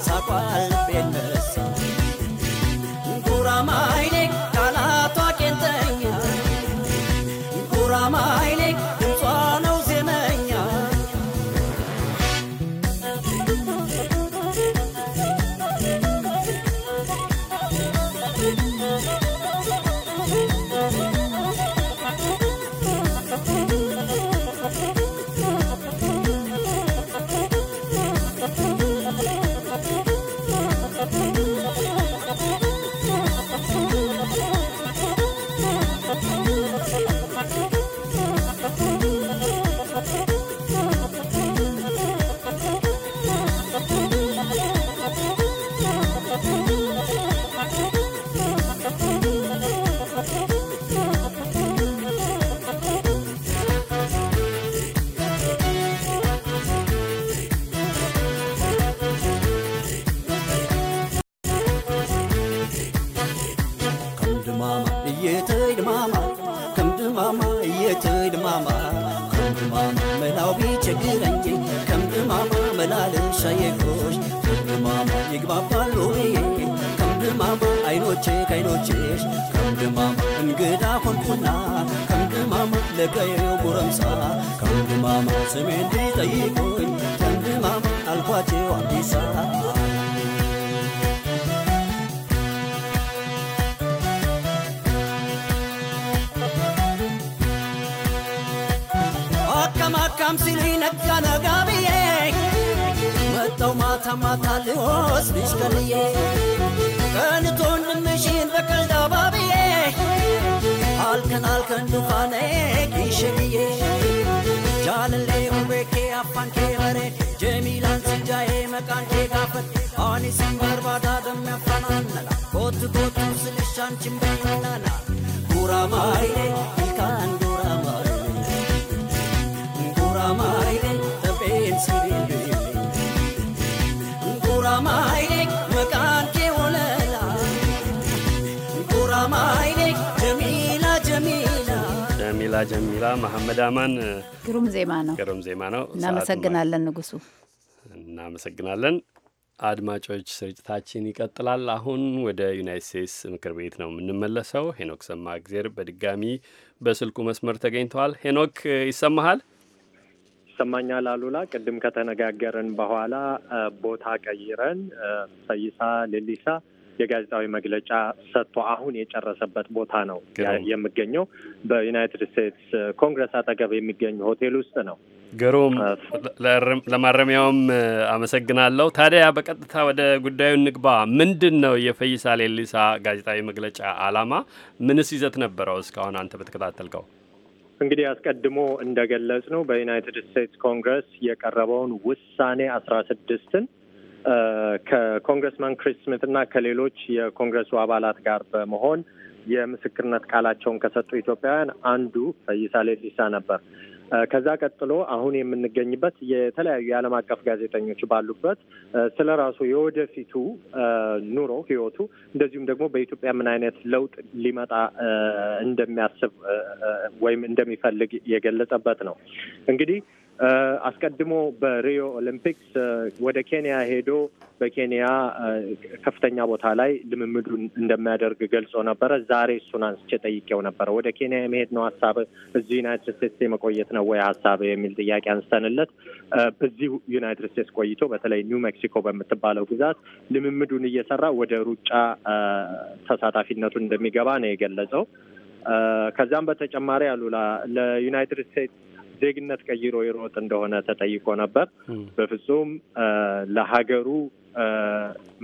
ሳቋል ቤነ kam gimaamul ingi gahuu dhufuudhaan kam gimaamul laga yaayu guraasa kam gimaamul semen dhii ta'e goon kam gimaamul alwaa ta'e waan dhiisaadhaan. akkam akkam si dhi naggaa nagaabee Kan toon mishiin bakka daabaabee halkan halkan dhufaanee kiishe biyyee jaalallee hubee kee afaan kee baree jeemilaan si jaa'ee maqaan kee gaafate ani sin barbaadaa dammi afaan aanna kootu kootu silishaan cimbayinnaana guuraa maayilee ilkaan. ጀሚላ መሐመድ አማን ግሩም ዜማ ነው። ግሩም ዜማ ነው። እናመሰግናለን ንጉሱ፣ እናመሰግናለን። አድማጮች ስርጭታችን ይቀጥላል። አሁን ወደ ዩናይት ስቴትስ ምክር ቤት ነው የምንመለሰው። ሄኖክ ሰማ እግዜር በድጋሚ በስልኩ መስመር ተገኝተዋል። ሄኖክ ይሰማሃል? ይሰማኛል አሉላ። ቅድም ከተነጋገርን በኋላ ቦታ ቀይረን ሰይሳ ሌሊሳ የጋዜጣዊ መግለጫ ሰጥቶ አሁን የጨረሰበት ቦታ ነው የምገኘው። በዩናይትድ ስቴትስ ኮንግረስ አጠገብ የሚገኝ ሆቴል ውስጥ ነው። ግሩም፣ ለማረሚያውም አመሰግናለሁ። ታዲያ በቀጥታ ወደ ጉዳዩ ንግባ። ምንድን ነው የፈይሳ ሌሊሳ ጋዜጣዊ መግለጫ አላማ ምንስ ይዘት ነበረው? እስካሁን አንተ በተከታተልከው እንግዲህ አስቀድሞ እንደገለጽ ነው በዩናይትድ ስቴትስ ኮንግረስ የቀረበውን ውሳኔ አስራ ስድስትን ከኮንግረስማን ክሪስ ስሚት እና ከሌሎች የኮንግረሱ አባላት ጋር በመሆን የምስክርነት ቃላቸውን ከሰጡ ኢትዮጵያውያን አንዱ ፈይሳ ሌሊሳ ነበር። ከዛ ቀጥሎ አሁን የምንገኝበት የተለያዩ የዓለም አቀፍ ጋዜጠኞች ባሉበት ስለ ራሱ የወደፊቱ ኑሮ ህይወቱ እንደዚሁም ደግሞ በኢትዮጵያ ምን አይነት ለውጥ ሊመጣ እንደሚያስብ ወይም እንደሚፈልግ የገለጸበት ነው። እንግዲህ አስቀድሞ በሪዮ ኦሊምፒክስ ወደ ኬንያ ሄዶ በኬንያ ከፍተኛ ቦታ ላይ ልምምዱን እንደሚያደርግ ገልጾ ነበረ። ዛሬ እሱን አንስቼ ጠይቄው ነበረ። ወደ ኬንያ የመሄድ ነው ሀሳብ፣ እዚህ ዩናይትድ ስቴትስ የመቆየት ነው ወይ ሀሳብ የሚል ጥያቄ አንስተንለት በዚህ ዩናይትድ ስቴትስ ቆይቶ በተለይ ኒው ሜክሲኮ በምትባለው ግዛት ልምምዱን እየሰራ ወደ ሩጫ ተሳታፊነቱ እንደሚገባ ነው የገለጸው። ከዛም በተጨማሪ አሉላ ለዩናይትድ ስቴትስ ዜግነት ቀይሮ ይሮጥ እንደሆነ ተጠይቆ ነበር። በፍጹም ለሀገሩ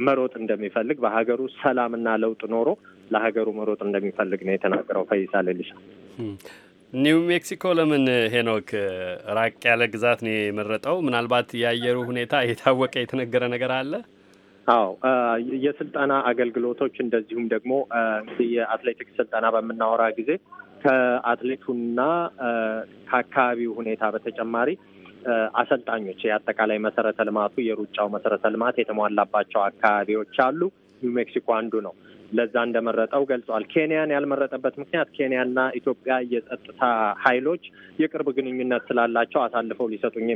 መሮጥ እንደሚፈልግ በሀገሩ ሰላምና ለውጥ ኖሮ ለሀገሩ መሮጥ እንደሚፈልግ ነው የተናገረው ፈይሳ ሌሊሳ። ኒው ሜክሲኮ ለምን ሄኖክ ራቅ ያለ ግዛት ነው የመረጠው? ምናልባት የአየሩ ሁኔታ የታወቀ የተነገረ ነገር አለ? አዎ የስልጠና አገልግሎቶች እንደዚሁም ደግሞ የአትሌቲክስ ስልጠና በምናወራ ጊዜ ከአትሌቱና ከአካባቢው ሁኔታ በተጨማሪ አሰልጣኞች የአጠቃላይ መሰረተ ልማቱ የሩጫው መሰረተ ልማት የተሟላባቸው አካባቢዎች አሉ። ኒው ሜክሲኮ አንዱ ነው። ለዛ እንደመረጠው ገልጿል። ኬንያን ያልመረጠበት ምክንያት ኬንያና ኢትዮጵያ የጸጥታ ኃይሎች የቅርብ ግንኙነት ስላላቸው አሳልፈው ሊሰጡኝ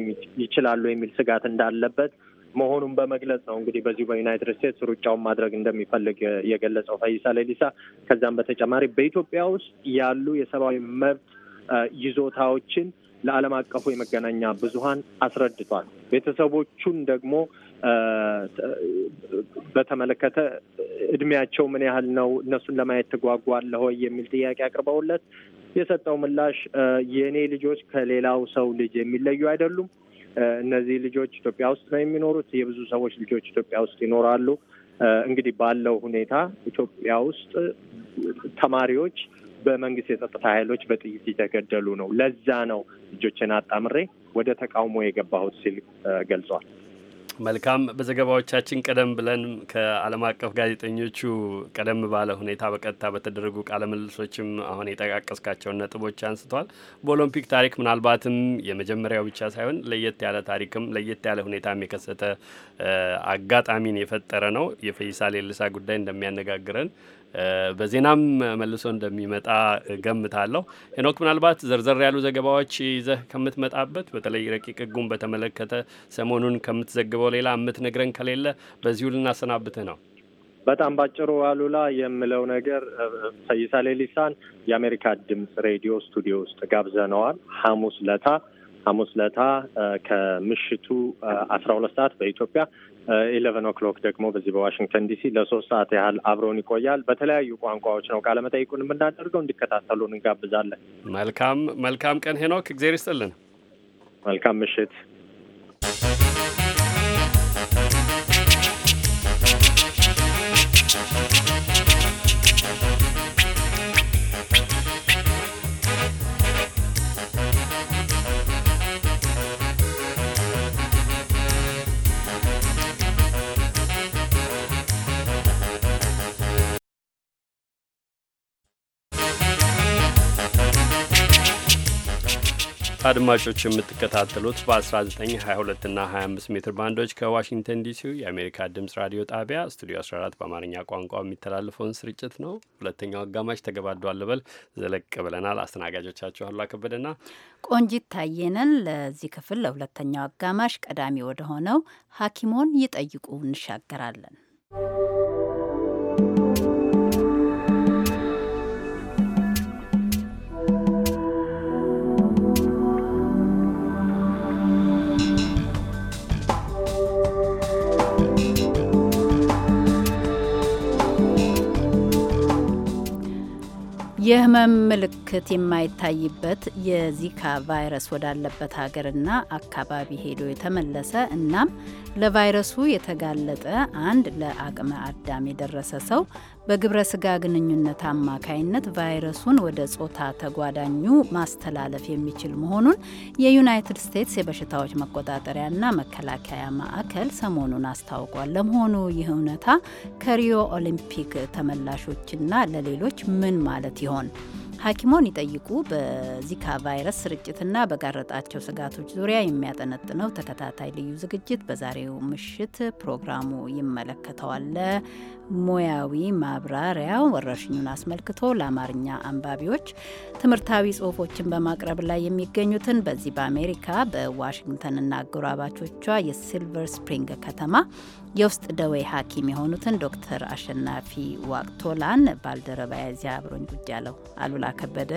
ይችላሉ የሚል ስጋት እንዳለበት መሆኑን በመግለጽ ነው እንግዲህ በዚሁ በዩናይትድ ስቴትስ ሩጫውን ማድረግ እንደሚፈልግ የገለጸው ፈይሳ ሌሊሳ። ከዛም በተጨማሪ በኢትዮጵያ ውስጥ ያሉ የሰብአዊ መብት ይዞታዎችን ለዓለም አቀፉ የመገናኛ ብዙኃን አስረድቷል። ቤተሰቦቹን ደግሞ በተመለከተ እድሜያቸው ምን ያህል ነው፣ እነሱን ለማየት ትጓጓለህ ወይ የሚል ጥያቄ አቅርበውለት የሰጠው ምላሽ የእኔ ልጆች ከሌላው ሰው ልጅ የሚለዩ አይደሉም እነዚህ ልጆች ኢትዮጵያ ውስጥ ነው የሚኖሩት። የብዙ ሰዎች ልጆች ኢትዮጵያ ውስጥ ይኖራሉ። እንግዲህ ባለው ሁኔታ ኢትዮጵያ ውስጥ ተማሪዎች በመንግስት የጸጥታ ኃይሎች በጥይት እየተገደሉ ነው። ለዛ ነው ልጆችን አጣምሬ ወደ ተቃውሞ የገባሁት ሲል ገልጿል። መልካም በዘገባዎቻችን ቀደም ብለን ከአለም አቀፍ ጋዜጠኞቹ ቀደም ባለ ሁኔታ በቀጥታ በተደረጉ ቃለ ምልልሶችም አሁን የጠቃቀስካቸውን ነጥቦች አንስተዋል። በኦሎምፒክ ታሪክ ምናልባትም የመጀመሪያው ብቻ ሳይሆን ለየት ያለ ታሪክም ለየት ያለ ሁኔታም የከሰተ አጋጣሚን የፈጠረ ነው። የፈይሳ ሌልሳ ጉዳይ እንደሚያነጋግረን በዜናም መልሶ እንደሚመጣ ገምታለሁ። ሄኖክ፣ ምናልባት ዘርዘር ያሉ ዘገባዎች ይዘህ ከምትመጣበት በተለይ ረቂቅ ሕጉን በተመለከተ ሰሞኑን ከምትዘግበው ሌላ የምትነግረን ከሌለ በዚሁ ልናሰናብትህ ነው። በጣም ባጭሩ አሉላ የምለው ነገር ሰይሳ ሌሊሳን የአሜሪካ ድምጽ ሬዲዮ ስቱዲዮ ውስጥ ጋብዘነዋል ሐሙስ ለታ ሐሙስ ለታ ከምሽቱ አስራ ሁለት ሰዓት በኢትዮጵያ ኢሌቨን ኦክሎክ ደግሞ በዚህ በዋሽንግተን ዲሲ ለሶስት ሰዓት ያህል አብረውን ይቆያል። በተለያዩ ቋንቋዎች ነው ቃለመጠይቁን የምናደርገው። እንዲከታተሉ እንጋብዛለን። መልካም መልካም ቀን ሄኖክ፣ እግዜር ይስጥልን። መልካም ምሽት። አድማጮች የምትከታተሉት በ1922 እና 25 ሜትር ባንዶች ከዋሽንግተን ዲሲው የአሜሪካ ድምፅ ራዲዮ ጣቢያ ስቱዲዮ 14 በአማርኛ ቋንቋ የሚተላለፈውን ስርጭት ነው። ሁለተኛው አጋማሽ ተገባዷል። በል ዘለቅ ብለናል። አስተናጋጆቻችሁ አሉላ ከበደና ቆንጂት ታየነን። ለዚህ ክፍል ለሁለተኛው አጋማሽ ቀዳሚ ወደ ሆነው ሐኪሞን ይጠይቁ እንሻገራለን። የህመም ምልክት የማይታይበት የዚካ ቫይረስ ወዳለበት ሀገርና አካባቢ ሄዶ የተመለሰ እናም ለቫይረሱ የተጋለጠ አንድ ለአቅመ አዳም የደረሰ ሰው በግብረ ስጋ ግንኙነት አማካይነት ቫይረሱን ወደ ጾታ ተጓዳኙ ማስተላለፍ የሚችል መሆኑን የዩናይትድ ስቴትስ የበሽታዎች መቆጣጠሪያና መከላከያ ማዕከል ሰሞኑን አስታውቋል። ለመሆኑ ይህ እውነታ ከሪዮ ኦሊምፒክ ተመላሾችና ለሌሎች ምን ማለት ይሆን? ሐኪሞን ይጠይቁ በዚካ ቫይረስ ስርጭትና በጋረጣቸው ስጋቶች ዙሪያ የሚያጠነጥነው ተከታታይ ልዩ ዝግጅት በዛሬው ምሽት ፕሮግራሙ ይመለከተዋል። ሙያዊ ማብራሪያ ወረርሽኙን አስመልክቶ ለአማርኛ አንባቢዎች ትምህርታዊ ጽሁፎችን በማቅረብ ላይ የሚገኙትን በዚህ በአሜሪካ በዋሽንግተንና አጎራባቾቿ የሲልቨር ስፕሪንግ ከተማ የውስጥ ደዌ ሐኪም የሆኑትን ዶክተር አሸናፊ ዋቅቶላን ባልደረባ ያዚያ አብሮኝ ጉጅ ያለው አሉላ ከበደ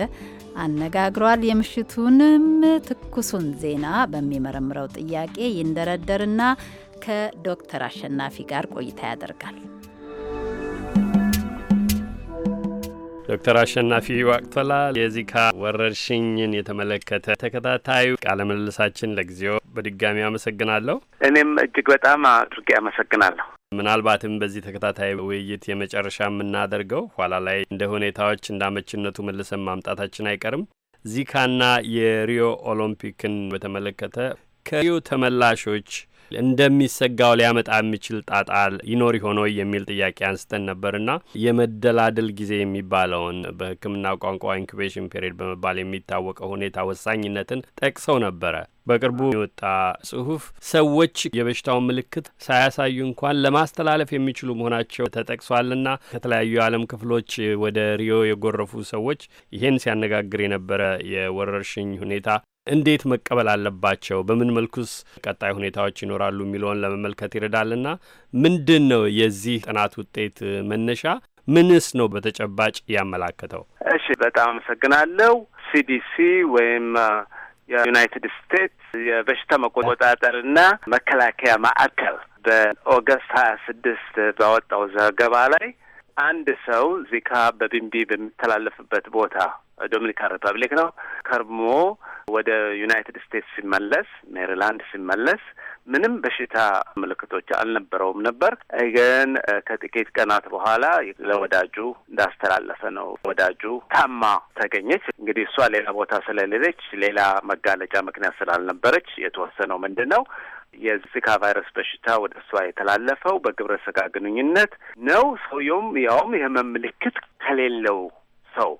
አነጋግሯል። የምሽቱንም ትኩሱን ዜና በሚመረምረው ጥያቄ ይንደረደርና ከዶክተር አሸናፊ ጋር ቆይታ ያደርጋል። ዶክተር አሸናፊ ዋቅቶላ የዚካ ወረርሽኝን የተመለከተ ተከታታዩ ቃለምልልሳችን ለጊዜው በድጋሚ አመሰግናለሁ። እኔም እጅግ በጣም አድርጌ አመሰግናለሁ። ምናልባትም በዚህ ተከታታይ ውይይት የመጨረሻ የምናደርገው ኋላ ላይ እንደ ሁኔታዎች እንደ አመችነቱ መልሰን ማምጣታችን አይቀርም ዚካና የሪዮ ኦሎምፒክን በተመለከተ ከሪዮ ተመላሾች እንደሚሰጋው ሊያመጣ የሚችል ጣጣል ይኖር ሆኖ የሚል ጥያቄ አንስተን ነበርና የመደላደል ጊዜ የሚባለውን በሕክምና ቋንቋ ኢንኩቤሽን ፔሪድ በመባል የሚታወቀው ሁኔታ ወሳኝነትን ጠቅሰው ነበረ። በቅርቡ የወጣ ጽሁፍ ሰዎች የበሽታውን ምልክት ሳያሳዩ እንኳን ለማስተላለፍ የሚችሉ መሆናቸው ተጠቅሷልና ከተለያዩ የዓለም ክፍሎች ወደ ሪዮ የጎረፉ ሰዎች ይህን ሲያነጋግር የነበረ የወረርሽኝ ሁኔታ እንዴት መቀበል አለባቸው፣ በምን መልኩስ ቀጣይ ሁኔታዎች ይኖራሉ የሚለውን ለመመልከት ይረዳልና ምንድን ነው የዚህ ጥናት ውጤት መነሻ? ምንስ ነው በተጨባጭ ያመላከተው? እሺ፣ በጣም አመሰግናለሁ። ሲዲሲ ወይም የዩናይትድ ስቴትስ የበሽታ መቆጣጠርና መከላከያ ማዕከል በኦገስት ሀያ ስድስት ባወጣው ዘገባ ላይ አንድ ሰው ዚካ በቢምቢ በሚተላለፍበት ቦታ ዶሚኒካን ሪፐብሊክ ነው። ከርሞ ወደ ዩናይትድ ስቴትስ ሲመለስ ሜሪላንድ ሲመለስ ምንም በሽታ ምልክቶች አልነበረውም ነበር። ግን ከጥቂት ቀናት በኋላ ለወዳጁ እንዳስተላለፈ ነው። ወዳጁ ታማ ተገኘች። እንግዲህ እሷ ሌላ ቦታ ስለሌለች ሌላ መጋለጫ ምክንያት ስላልነበረች የተወሰነው ምንድን ነው የዚካ ቫይረስ በሽታ ወደ እሷ የተላለፈው በግብረ ስጋ ግንኙነት ነው። ሰውየውም ያውም የህመም ምልክት ከሌለው ሰው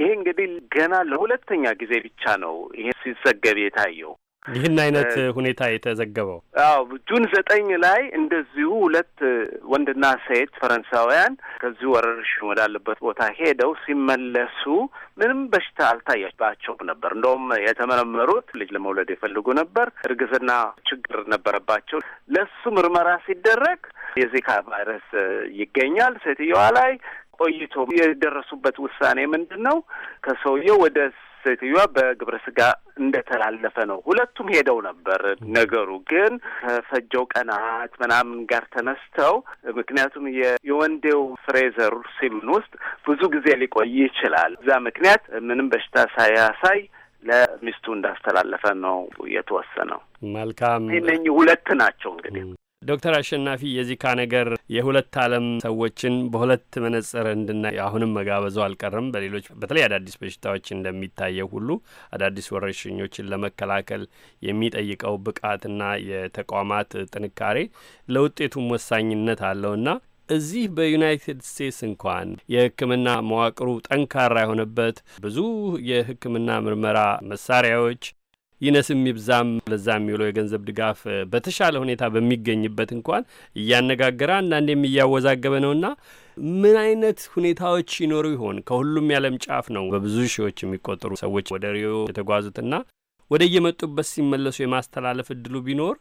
ይሄ እንግዲህ ገና ለሁለተኛ ጊዜ ብቻ ነው ይሄ ሲዘገብ የታየው። ይህን አይነት ሁኔታ የተዘገበው አዎ ጁን ዘጠኝ ላይ እንደዚሁ ሁለት ወንድና ሴት ፈረንሳውያን ከዚሁ ወረርሽኝ ወዳለበት ቦታ ሄደው ሲመለሱ ምንም በሽታ አልታያባቸውም ነበር። እንደውም የተመረመሩት ልጅ ለመውለድ የፈልጉ ነበር፣ እርግዝና ችግር ነበረባቸው። ለሱ ምርመራ ሲደረግ የዚካ ቫይረስ ይገኛል ሴትየዋ ላይ ቆይቶ የደረሱበት ውሳኔ ምንድን ነው? ከሰውየው ወደ ሴትዮዋ በግብረ ስጋ እንደተላለፈ ነው። ሁለቱም ሄደው ነበር። ነገሩ ግን ከፈጀው ቀናት ምናምን ጋር ተነስተው፣ ምክንያቱም የወንዴው ፍሬዘር ሲምን ውስጥ ብዙ ጊዜ ሊቆይ ይችላል። እዛ ምክንያት ምንም በሽታ ሳያሳይ ለሚስቱ እንዳስተላለፈ ነው የተወሰነው። መልካም። እነኚህ ሁለት ናቸው እንግዲህ ዶክተር አሸናፊ የዚካ ነገር የሁለት ዓለም ሰዎችን በሁለት መነጽር እንድናይ አሁንም መጋበዙ አልቀርም። በሌሎች በተለይ አዳዲስ በሽታዎች እንደሚታየው ሁሉ አዳዲስ ወረርሽኞችን ለመከላከል የሚጠይቀው ብቃትና የተቋማት ጥንካሬ ለውጤቱም ወሳኝነት አለውና እዚህ በዩናይትድ ስቴትስ እንኳን የሕክምና መዋቅሩ ጠንካራ የሆነበት ብዙ የሕክምና ምርመራ መሳሪያዎች ይነስም ይብዛም ለዛ የሚውለው የገንዘብ ድጋፍ በተሻለ ሁኔታ በሚገኝበት እንኳን እያነጋገረ አንዳንዴም እያወዛገበ ነውና ምን አይነት ሁኔታዎች ይኖሩ ይሆን? ከሁሉም ያለም ጫፍ ነው በብዙ ሺዎች የሚቆጠሩ ሰዎች ወደ ሪዮ የተጓዙትና ወደ እየመጡበት ሲመለሱ የማስተላለፍ እድሉ ቢኖር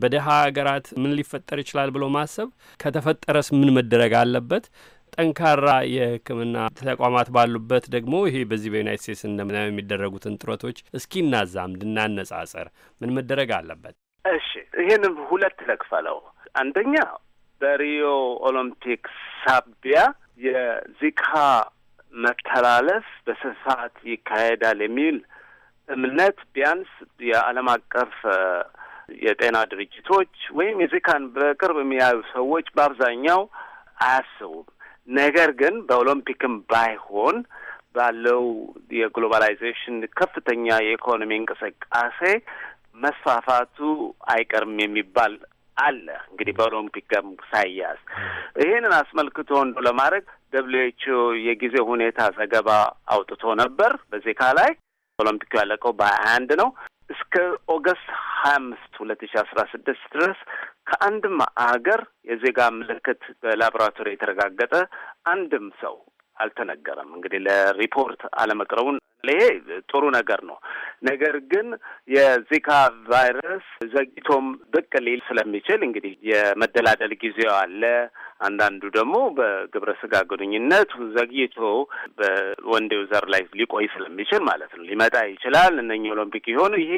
በደሃ ሀገራት ምን ሊፈጠር ይችላል ብሎ ማሰብ ከተፈጠረስ ምን መደረግ አለበት? ጠንካራ የሕክምና ተቋማት ባሉበት ደግሞ ይሄ በዚህ በዩናይት ስቴትስ እንደምናየው የሚደረጉትን ጥረቶች እስኪ እናዛም እንድናነጻጽር ምን መደረግ አለበት? እሺ ይህንም ሁለት ለክፈለው። አንደኛ በሪዮ ኦሎምፒክ ሳቢያ የዚካ መተላለፍ በስፋት ይካሄዳል የሚል እምነት ቢያንስ የዓለም አቀፍ የጤና ድርጅቶች ወይም የዚካን በቅርብ የሚያዩ ሰዎች በአብዛኛው አያስቡም። ነገር ግን በኦሎምፒክም ባይሆን ባለው የግሎባላይዜሽን ከፍተኛ የኢኮኖሚ እንቅስቃሴ መስፋፋቱ አይቀርም የሚባል አለ። እንግዲህ በኦሎምፒክ ጋርም ሳያዝ ይህንን አስመልክቶ እንዶ ለማድረግ ደብሊው ኤች ኦ የጊዜ ሁኔታ ዘገባ አውጥቶ ነበር። በዜካ ላይ ኦሎምፒክ ያለቀው በሀያ አንድ ነው። እስከ ኦገስት ሀያ አምስት ሁለት ሺ አስራ ስድስት ድረስ ከአንድም አገር የዜጋ ምልክት በላቦራቶሪ የተረጋገጠ አንድም ሰው አልተነገረም። እንግዲህ ለሪፖርት አለመቅረቡን ይሄ ጥሩ ነገር ነው። ነገር ግን የዚካ ቫይረስ ዘግይቶም ብቅ ሊል ስለሚችል እንግዲህ የመደላደል ጊዜው አለ። አንዳንዱ ደግሞ በግብረ ስጋ ግንኙነት ዘግይቶ በወንዴው ዘር ላይ ሊቆይ ስለሚችል ማለት ነው ሊመጣ ይችላል። እነኚህ ኦሎምፒክ የሆኑ ይሄ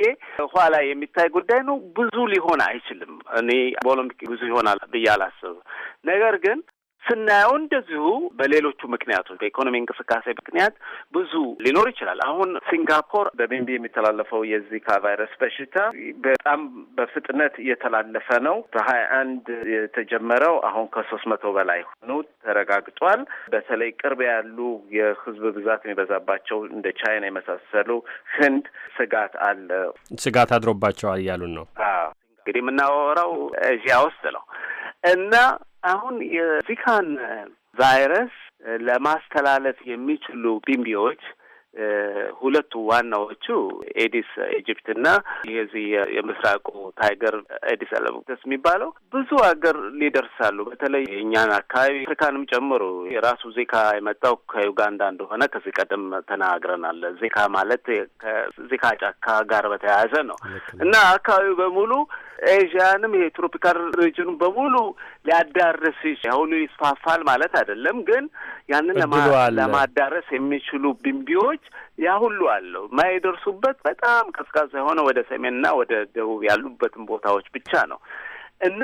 ኋላ የሚታይ ጉዳይ ነው። ብዙ ሊሆን አይችልም። እኔ በኦሎምፒክ ብዙ ይሆናል ብዬ አላስብም። ነገር ግን ስናየው እንደዚሁ በሌሎቹ ምክንያቶች በኢኮኖሚ እንቅስቃሴ ምክንያት ብዙ ሊኖር ይችላል። አሁን ሲንጋፖር በቤንቢ የሚተላለፈው የዚካ ቫይረስ በሽታ በጣም በፍጥነት እየተላለፈ ነው። በሀያ አንድ የተጀመረው አሁን ከሶስት መቶ በላይ ሆኑ ተረጋግጧል። በተለይ ቅርብ ያሉ የህዝብ ብዛት የሚበዛባቸው እንደ ቻይና የመሳሰሉ ህንድ ስጋት አለ። ስጋት አድሮባቸዋል እያሉን ነው። እንግዲህ የምናወራው እዚያ ውስጥ ነው እና አሁን የዚካን ቫይረስ ለማስተላለፍ የሚችሉ ቢምቢዎች ሁለቱ ዋናዎቹ ኤዲስ ኢጅፕት እና ይሄዚህ የምስራቁ ታይገር ኤዲስ አለብተስ የሚባለው ብዙ ሀገር ሊደርስ አሉ። በተለይ እኛን አካባቢ አፍሪካንም ጨምሮ የራሱ ዜካ የመጣው ከዩጋንዳ እንደሆነ ከዚህ ቀደም ተናግረናል። ዜካ ማለት ከዜካ ጫካ ጋር በተያያዘ ነው እና አካባቢው በሙሉ ኤዥያንም ይሄ ትሮፒካል ሪጅኑ በሙሉ ሊያዳርስ አሁኑ ይስፋፋል ማለት አይደለም፣ ግን ያንን ለማዳረስ የሚችሉ ቢምቢዎች ሰዎች ያ ሁሉ አለው። ማይደርሱበት በጣም ቀዝቃዛ የሆነ ወደ ሰሜንና ወደ ደቡብ ያሉበትን ቦታዎች ብቻ ነው እና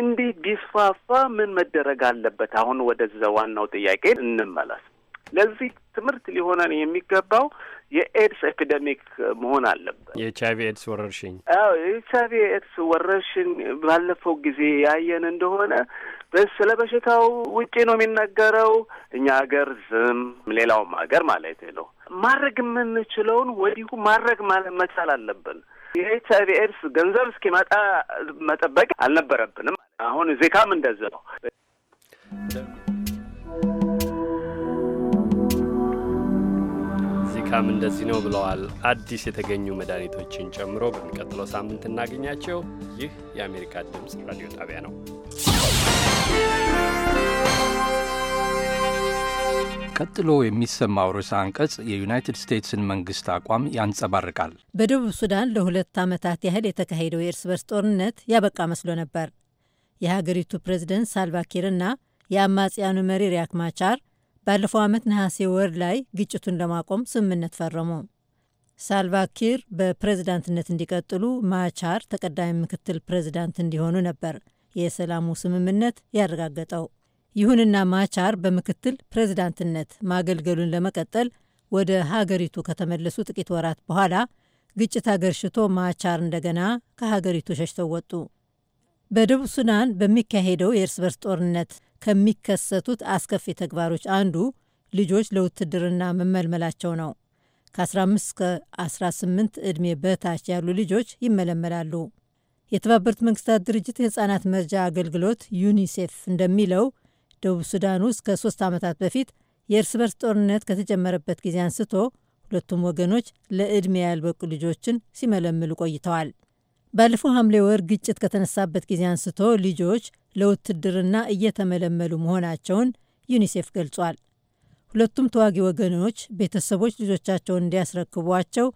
እንዲህ ቢስፋፋ ምን መደረግ አለበት? አሁን ወደዛ ዋናው ጥያቄ እንመለስ። ለዚህ ትምህርት ሊሆነን የሚገባው የኤድስ ኤፒደሚክ መሆን አለበት። የኤች አይቪ ኤድስ ወረርሽኝ አዎ፣ የኤች አይቪ ኤድስ ወረርሽኝ ባለፈው ጊዜ ያየን እንደሆነ ስለ በሽታው ውጪ ነው የሚነገረው። እኛ ሀገር ዝም፣ ሌላውም ሀገር ማለት ነው ማድረግ የምንችለውን ወዲሁ ማድረግ መቻል አለብን። የኤች አይቪ ኤድስ ገንዘብ እስኪመጣ መጠበቅ አልነበረብንም። አሁን ዜካም እንደዚህ ነው። ዚካም እንደዚህ ነው ብለዋል። አዲስ የተገኙ መድኃኒቶችን ጨምሮ በሚቀጥለው ሳምንት እናገኛቸው። ይህ የአሜሪካ ድምፅ ራዲዮ ጣቢያ ነው። ቀጥሎ የሚሰማው ርዕሰ አንቀጽ የዩናይትድ ስቴትስን መንግስት አቋም ያንጸባርቃል። በደቡብ ሱዳን ለሁለት ዓመታት ያህል የተካሄደው የእርስ በርስ ጦርነት ያበቃ መስሎ ነበር። የሀገሪቱ ፕሬዝደንት ሳልቫኪርና የአማጽያኑ መሪ ሪያክ ማቻር ባለፈው ዓመት ነሐሴ ወር ላይ ግጭቱን ለማቆም ስምምነት ፈረሙ። ሳልቫኪር በፕሬዝዳንትነት እንዲቀጥሉ፣ ማቻር ተቀዳሚ ምክትል ፕሬዝዳንት እንዲሆኑ ነበር የሰላሙ ስምምነት ያረጋገጠው። ይሁንና ማቻር በምክትል ፕሬዝዳንትነት ማገልገሉን ለመቀጠል ወደ ሀገሪቱ ከተመለሱ ጥቂት ወራት በኋላ ግጭት አገርሽቶ ማቻር እንደገና ከሀገሪቱ ሸሽተው ወጡ። በደቡብ ሱዳን በሚካሄደው የእርስ በርስ ጦርነት ከሚከሰቱት አስከፊ ተግባሮች አንዱ ልጆች ለውትድርና መመልመላቸው ነው። ከ15 እስከ 18 ዕድሜ በታች ያሉ ልጆች ይመለመላሉ። የተባበሩት መንግስታት ድርጅት የሕፃናት መርጃ አገልግሎት ዩኒሴፍ እንደሚለው ደቡብ ሱዳን ውስጥ ከሶስት ዓመታት በፊት የእርስ በርስ ጦርነት ከተጀመረበት ጊዜ አንስቶ ሁለቱም ወገኖች ለዕድሜ ያልበቁ ልጆችን ሲመለምሉ ቆይተዋል። ባለፈው ሐምሌ ወር ግጭት ከተነሳበት ጊዜ አንስቶ ልጆች ለውትድርና እየተመለመሉ መሆናቸውን ዩኒሴፍ ገልጿል። ሁለቱም ተዋጊ ወገኖች ቤተሰቦች ልጆቻቸውን እንዲያስረክቧቸው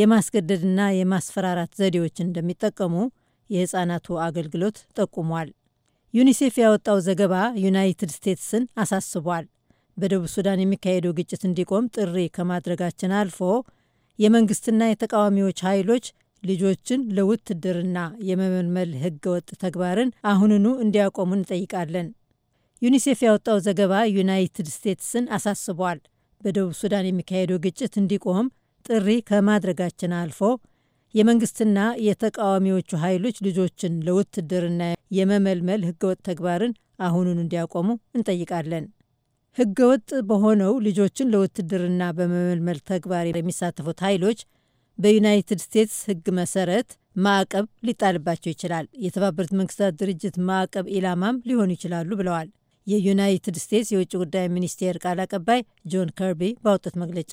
የማስገደድና የማስፈራራት ዘዴዎችን እንደሚጠቀሙ የሕፃናቱ አገልግሎት ጠቁሟል። ዩኒሴፍ ያወጣው ዘገባ ዩናይትድ ስቴትስን አሳስቧል። በደቡብ ሱዳን የሚካሄደው ግጭት እንዲቆም ጥሪ ከማድረጋችን አልፎ የመንግስትና የተቃዋሚዎች ኃይሎች ልጆችን ለውትድርና የመመልመል ህገወጥ ተግባርን አሁንኑ እንዲያቆሙ እንጠይቃለን። ዩኒሴፍ ያወጣው ዘገባ ዩናይትድ ስቴትስን አሳስቧል። በደቡብ ሱዳን የሚካሄደው ግጭት እንዲቆም ጥሪ ከማድረጋችን አልፎ የመንግስትና የተቃዋሚዎቹ ኃይሎች ልጆችን ለውትድርና የመመልመል ህገወጥ ተግባርን አሁኑን እንዲያቆሙ እንጠይቃለን። ህገወጥ በሆነው ልጆችን ለውትድርና በመመልመል ተግባር የሚሳተፉት ኃይሎች በዩናይትድ ስቴትስ ህግ መሰረት ማዕቀብ ሊጣልባቸው ይችላል። የተባበሩት መንግስታት ድርጅት ማዕቀብ ኢላማም ሊሆኑ ይችላሉ ብለዋል የዩናይትድ ስቴትስ የውጭ ጉዳይ ሚኒስቴር ቃል አቀባይ ጆን ከርቢ ባወጡት መግለጫ።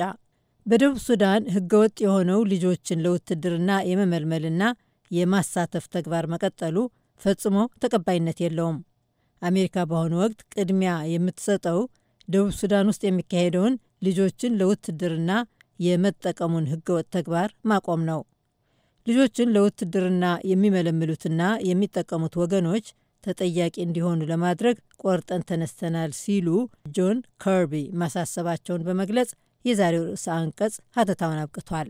በደቡብ ሱዳን ህገወጥ የሆነው ልጆችን ለውትድርና የመመልመልና የማሳተፍ ተግባር መቀጠሉ ፈጽሞ ተቀባይነት የለውም። አሜሪካ በአሁኑ ወቅት ቅድሚያ የምትሰጠው ደቡብ ሱዳን ውስጥ የሚካሄደውን ልጆችን ለውትድርና የመጠቀሙን ህገወጥ ተግባር ማቆም ነው። ልጆችን ለውትድርና የሚመለምሉትና የሚጠቀሙት ወገኖች ተጠያቂ እንዲሆኑ ለማድረግ ቆርጠን ተነስተናል ሲሉ ጆን ከርቢ ማሳሰባቸውን በመግለጽ የዛሬው ርዕሰ አንቀጽ ሀተታውን አብቅቷል።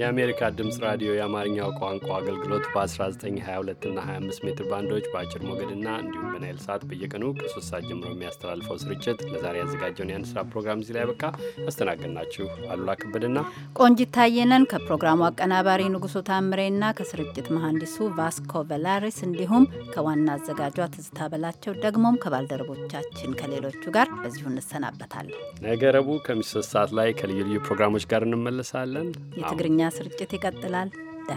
የአሜሪካ ድምፅ ራዲዮ የአማርኛው ቋንቋ አገልግሎት በ1922 እና 25 ሜትር ባንዶች በአጭር ሞገድና እንዲሁም በናይል ሰዓት በየቀኑ ከሶስት ሰዓት ጀምሮ የሚያስተላልፈው ስርጭት ለዛሬ ያዘጋጀውን የአንድ ስራ ፕሮግራም እዚህ ላይ ያበቃ። ያስተናገድናችሁ አሉላ ከበድና ቆንጂት ታየነን ከፕሮግራሙ አቀናባሪ ንጉሱ ታምሬና ከስርጭት መሐንዲሱ ቫስኮ ቬላሪስ እንዲሁም ከዋና አዘጋጇ ትዝታ በላቸው ደግሞም ከባልደረቦቻችን ከሌሎቹ ጋር በዚሁ እንሰናበታለን። ነገ ረቡዕ ሰዓት ላይ ከልዩ ልዩ ፕሮግራሞች ጋር እንመለሳለን። የትግርኛ ስርጭት ይቀጥላል።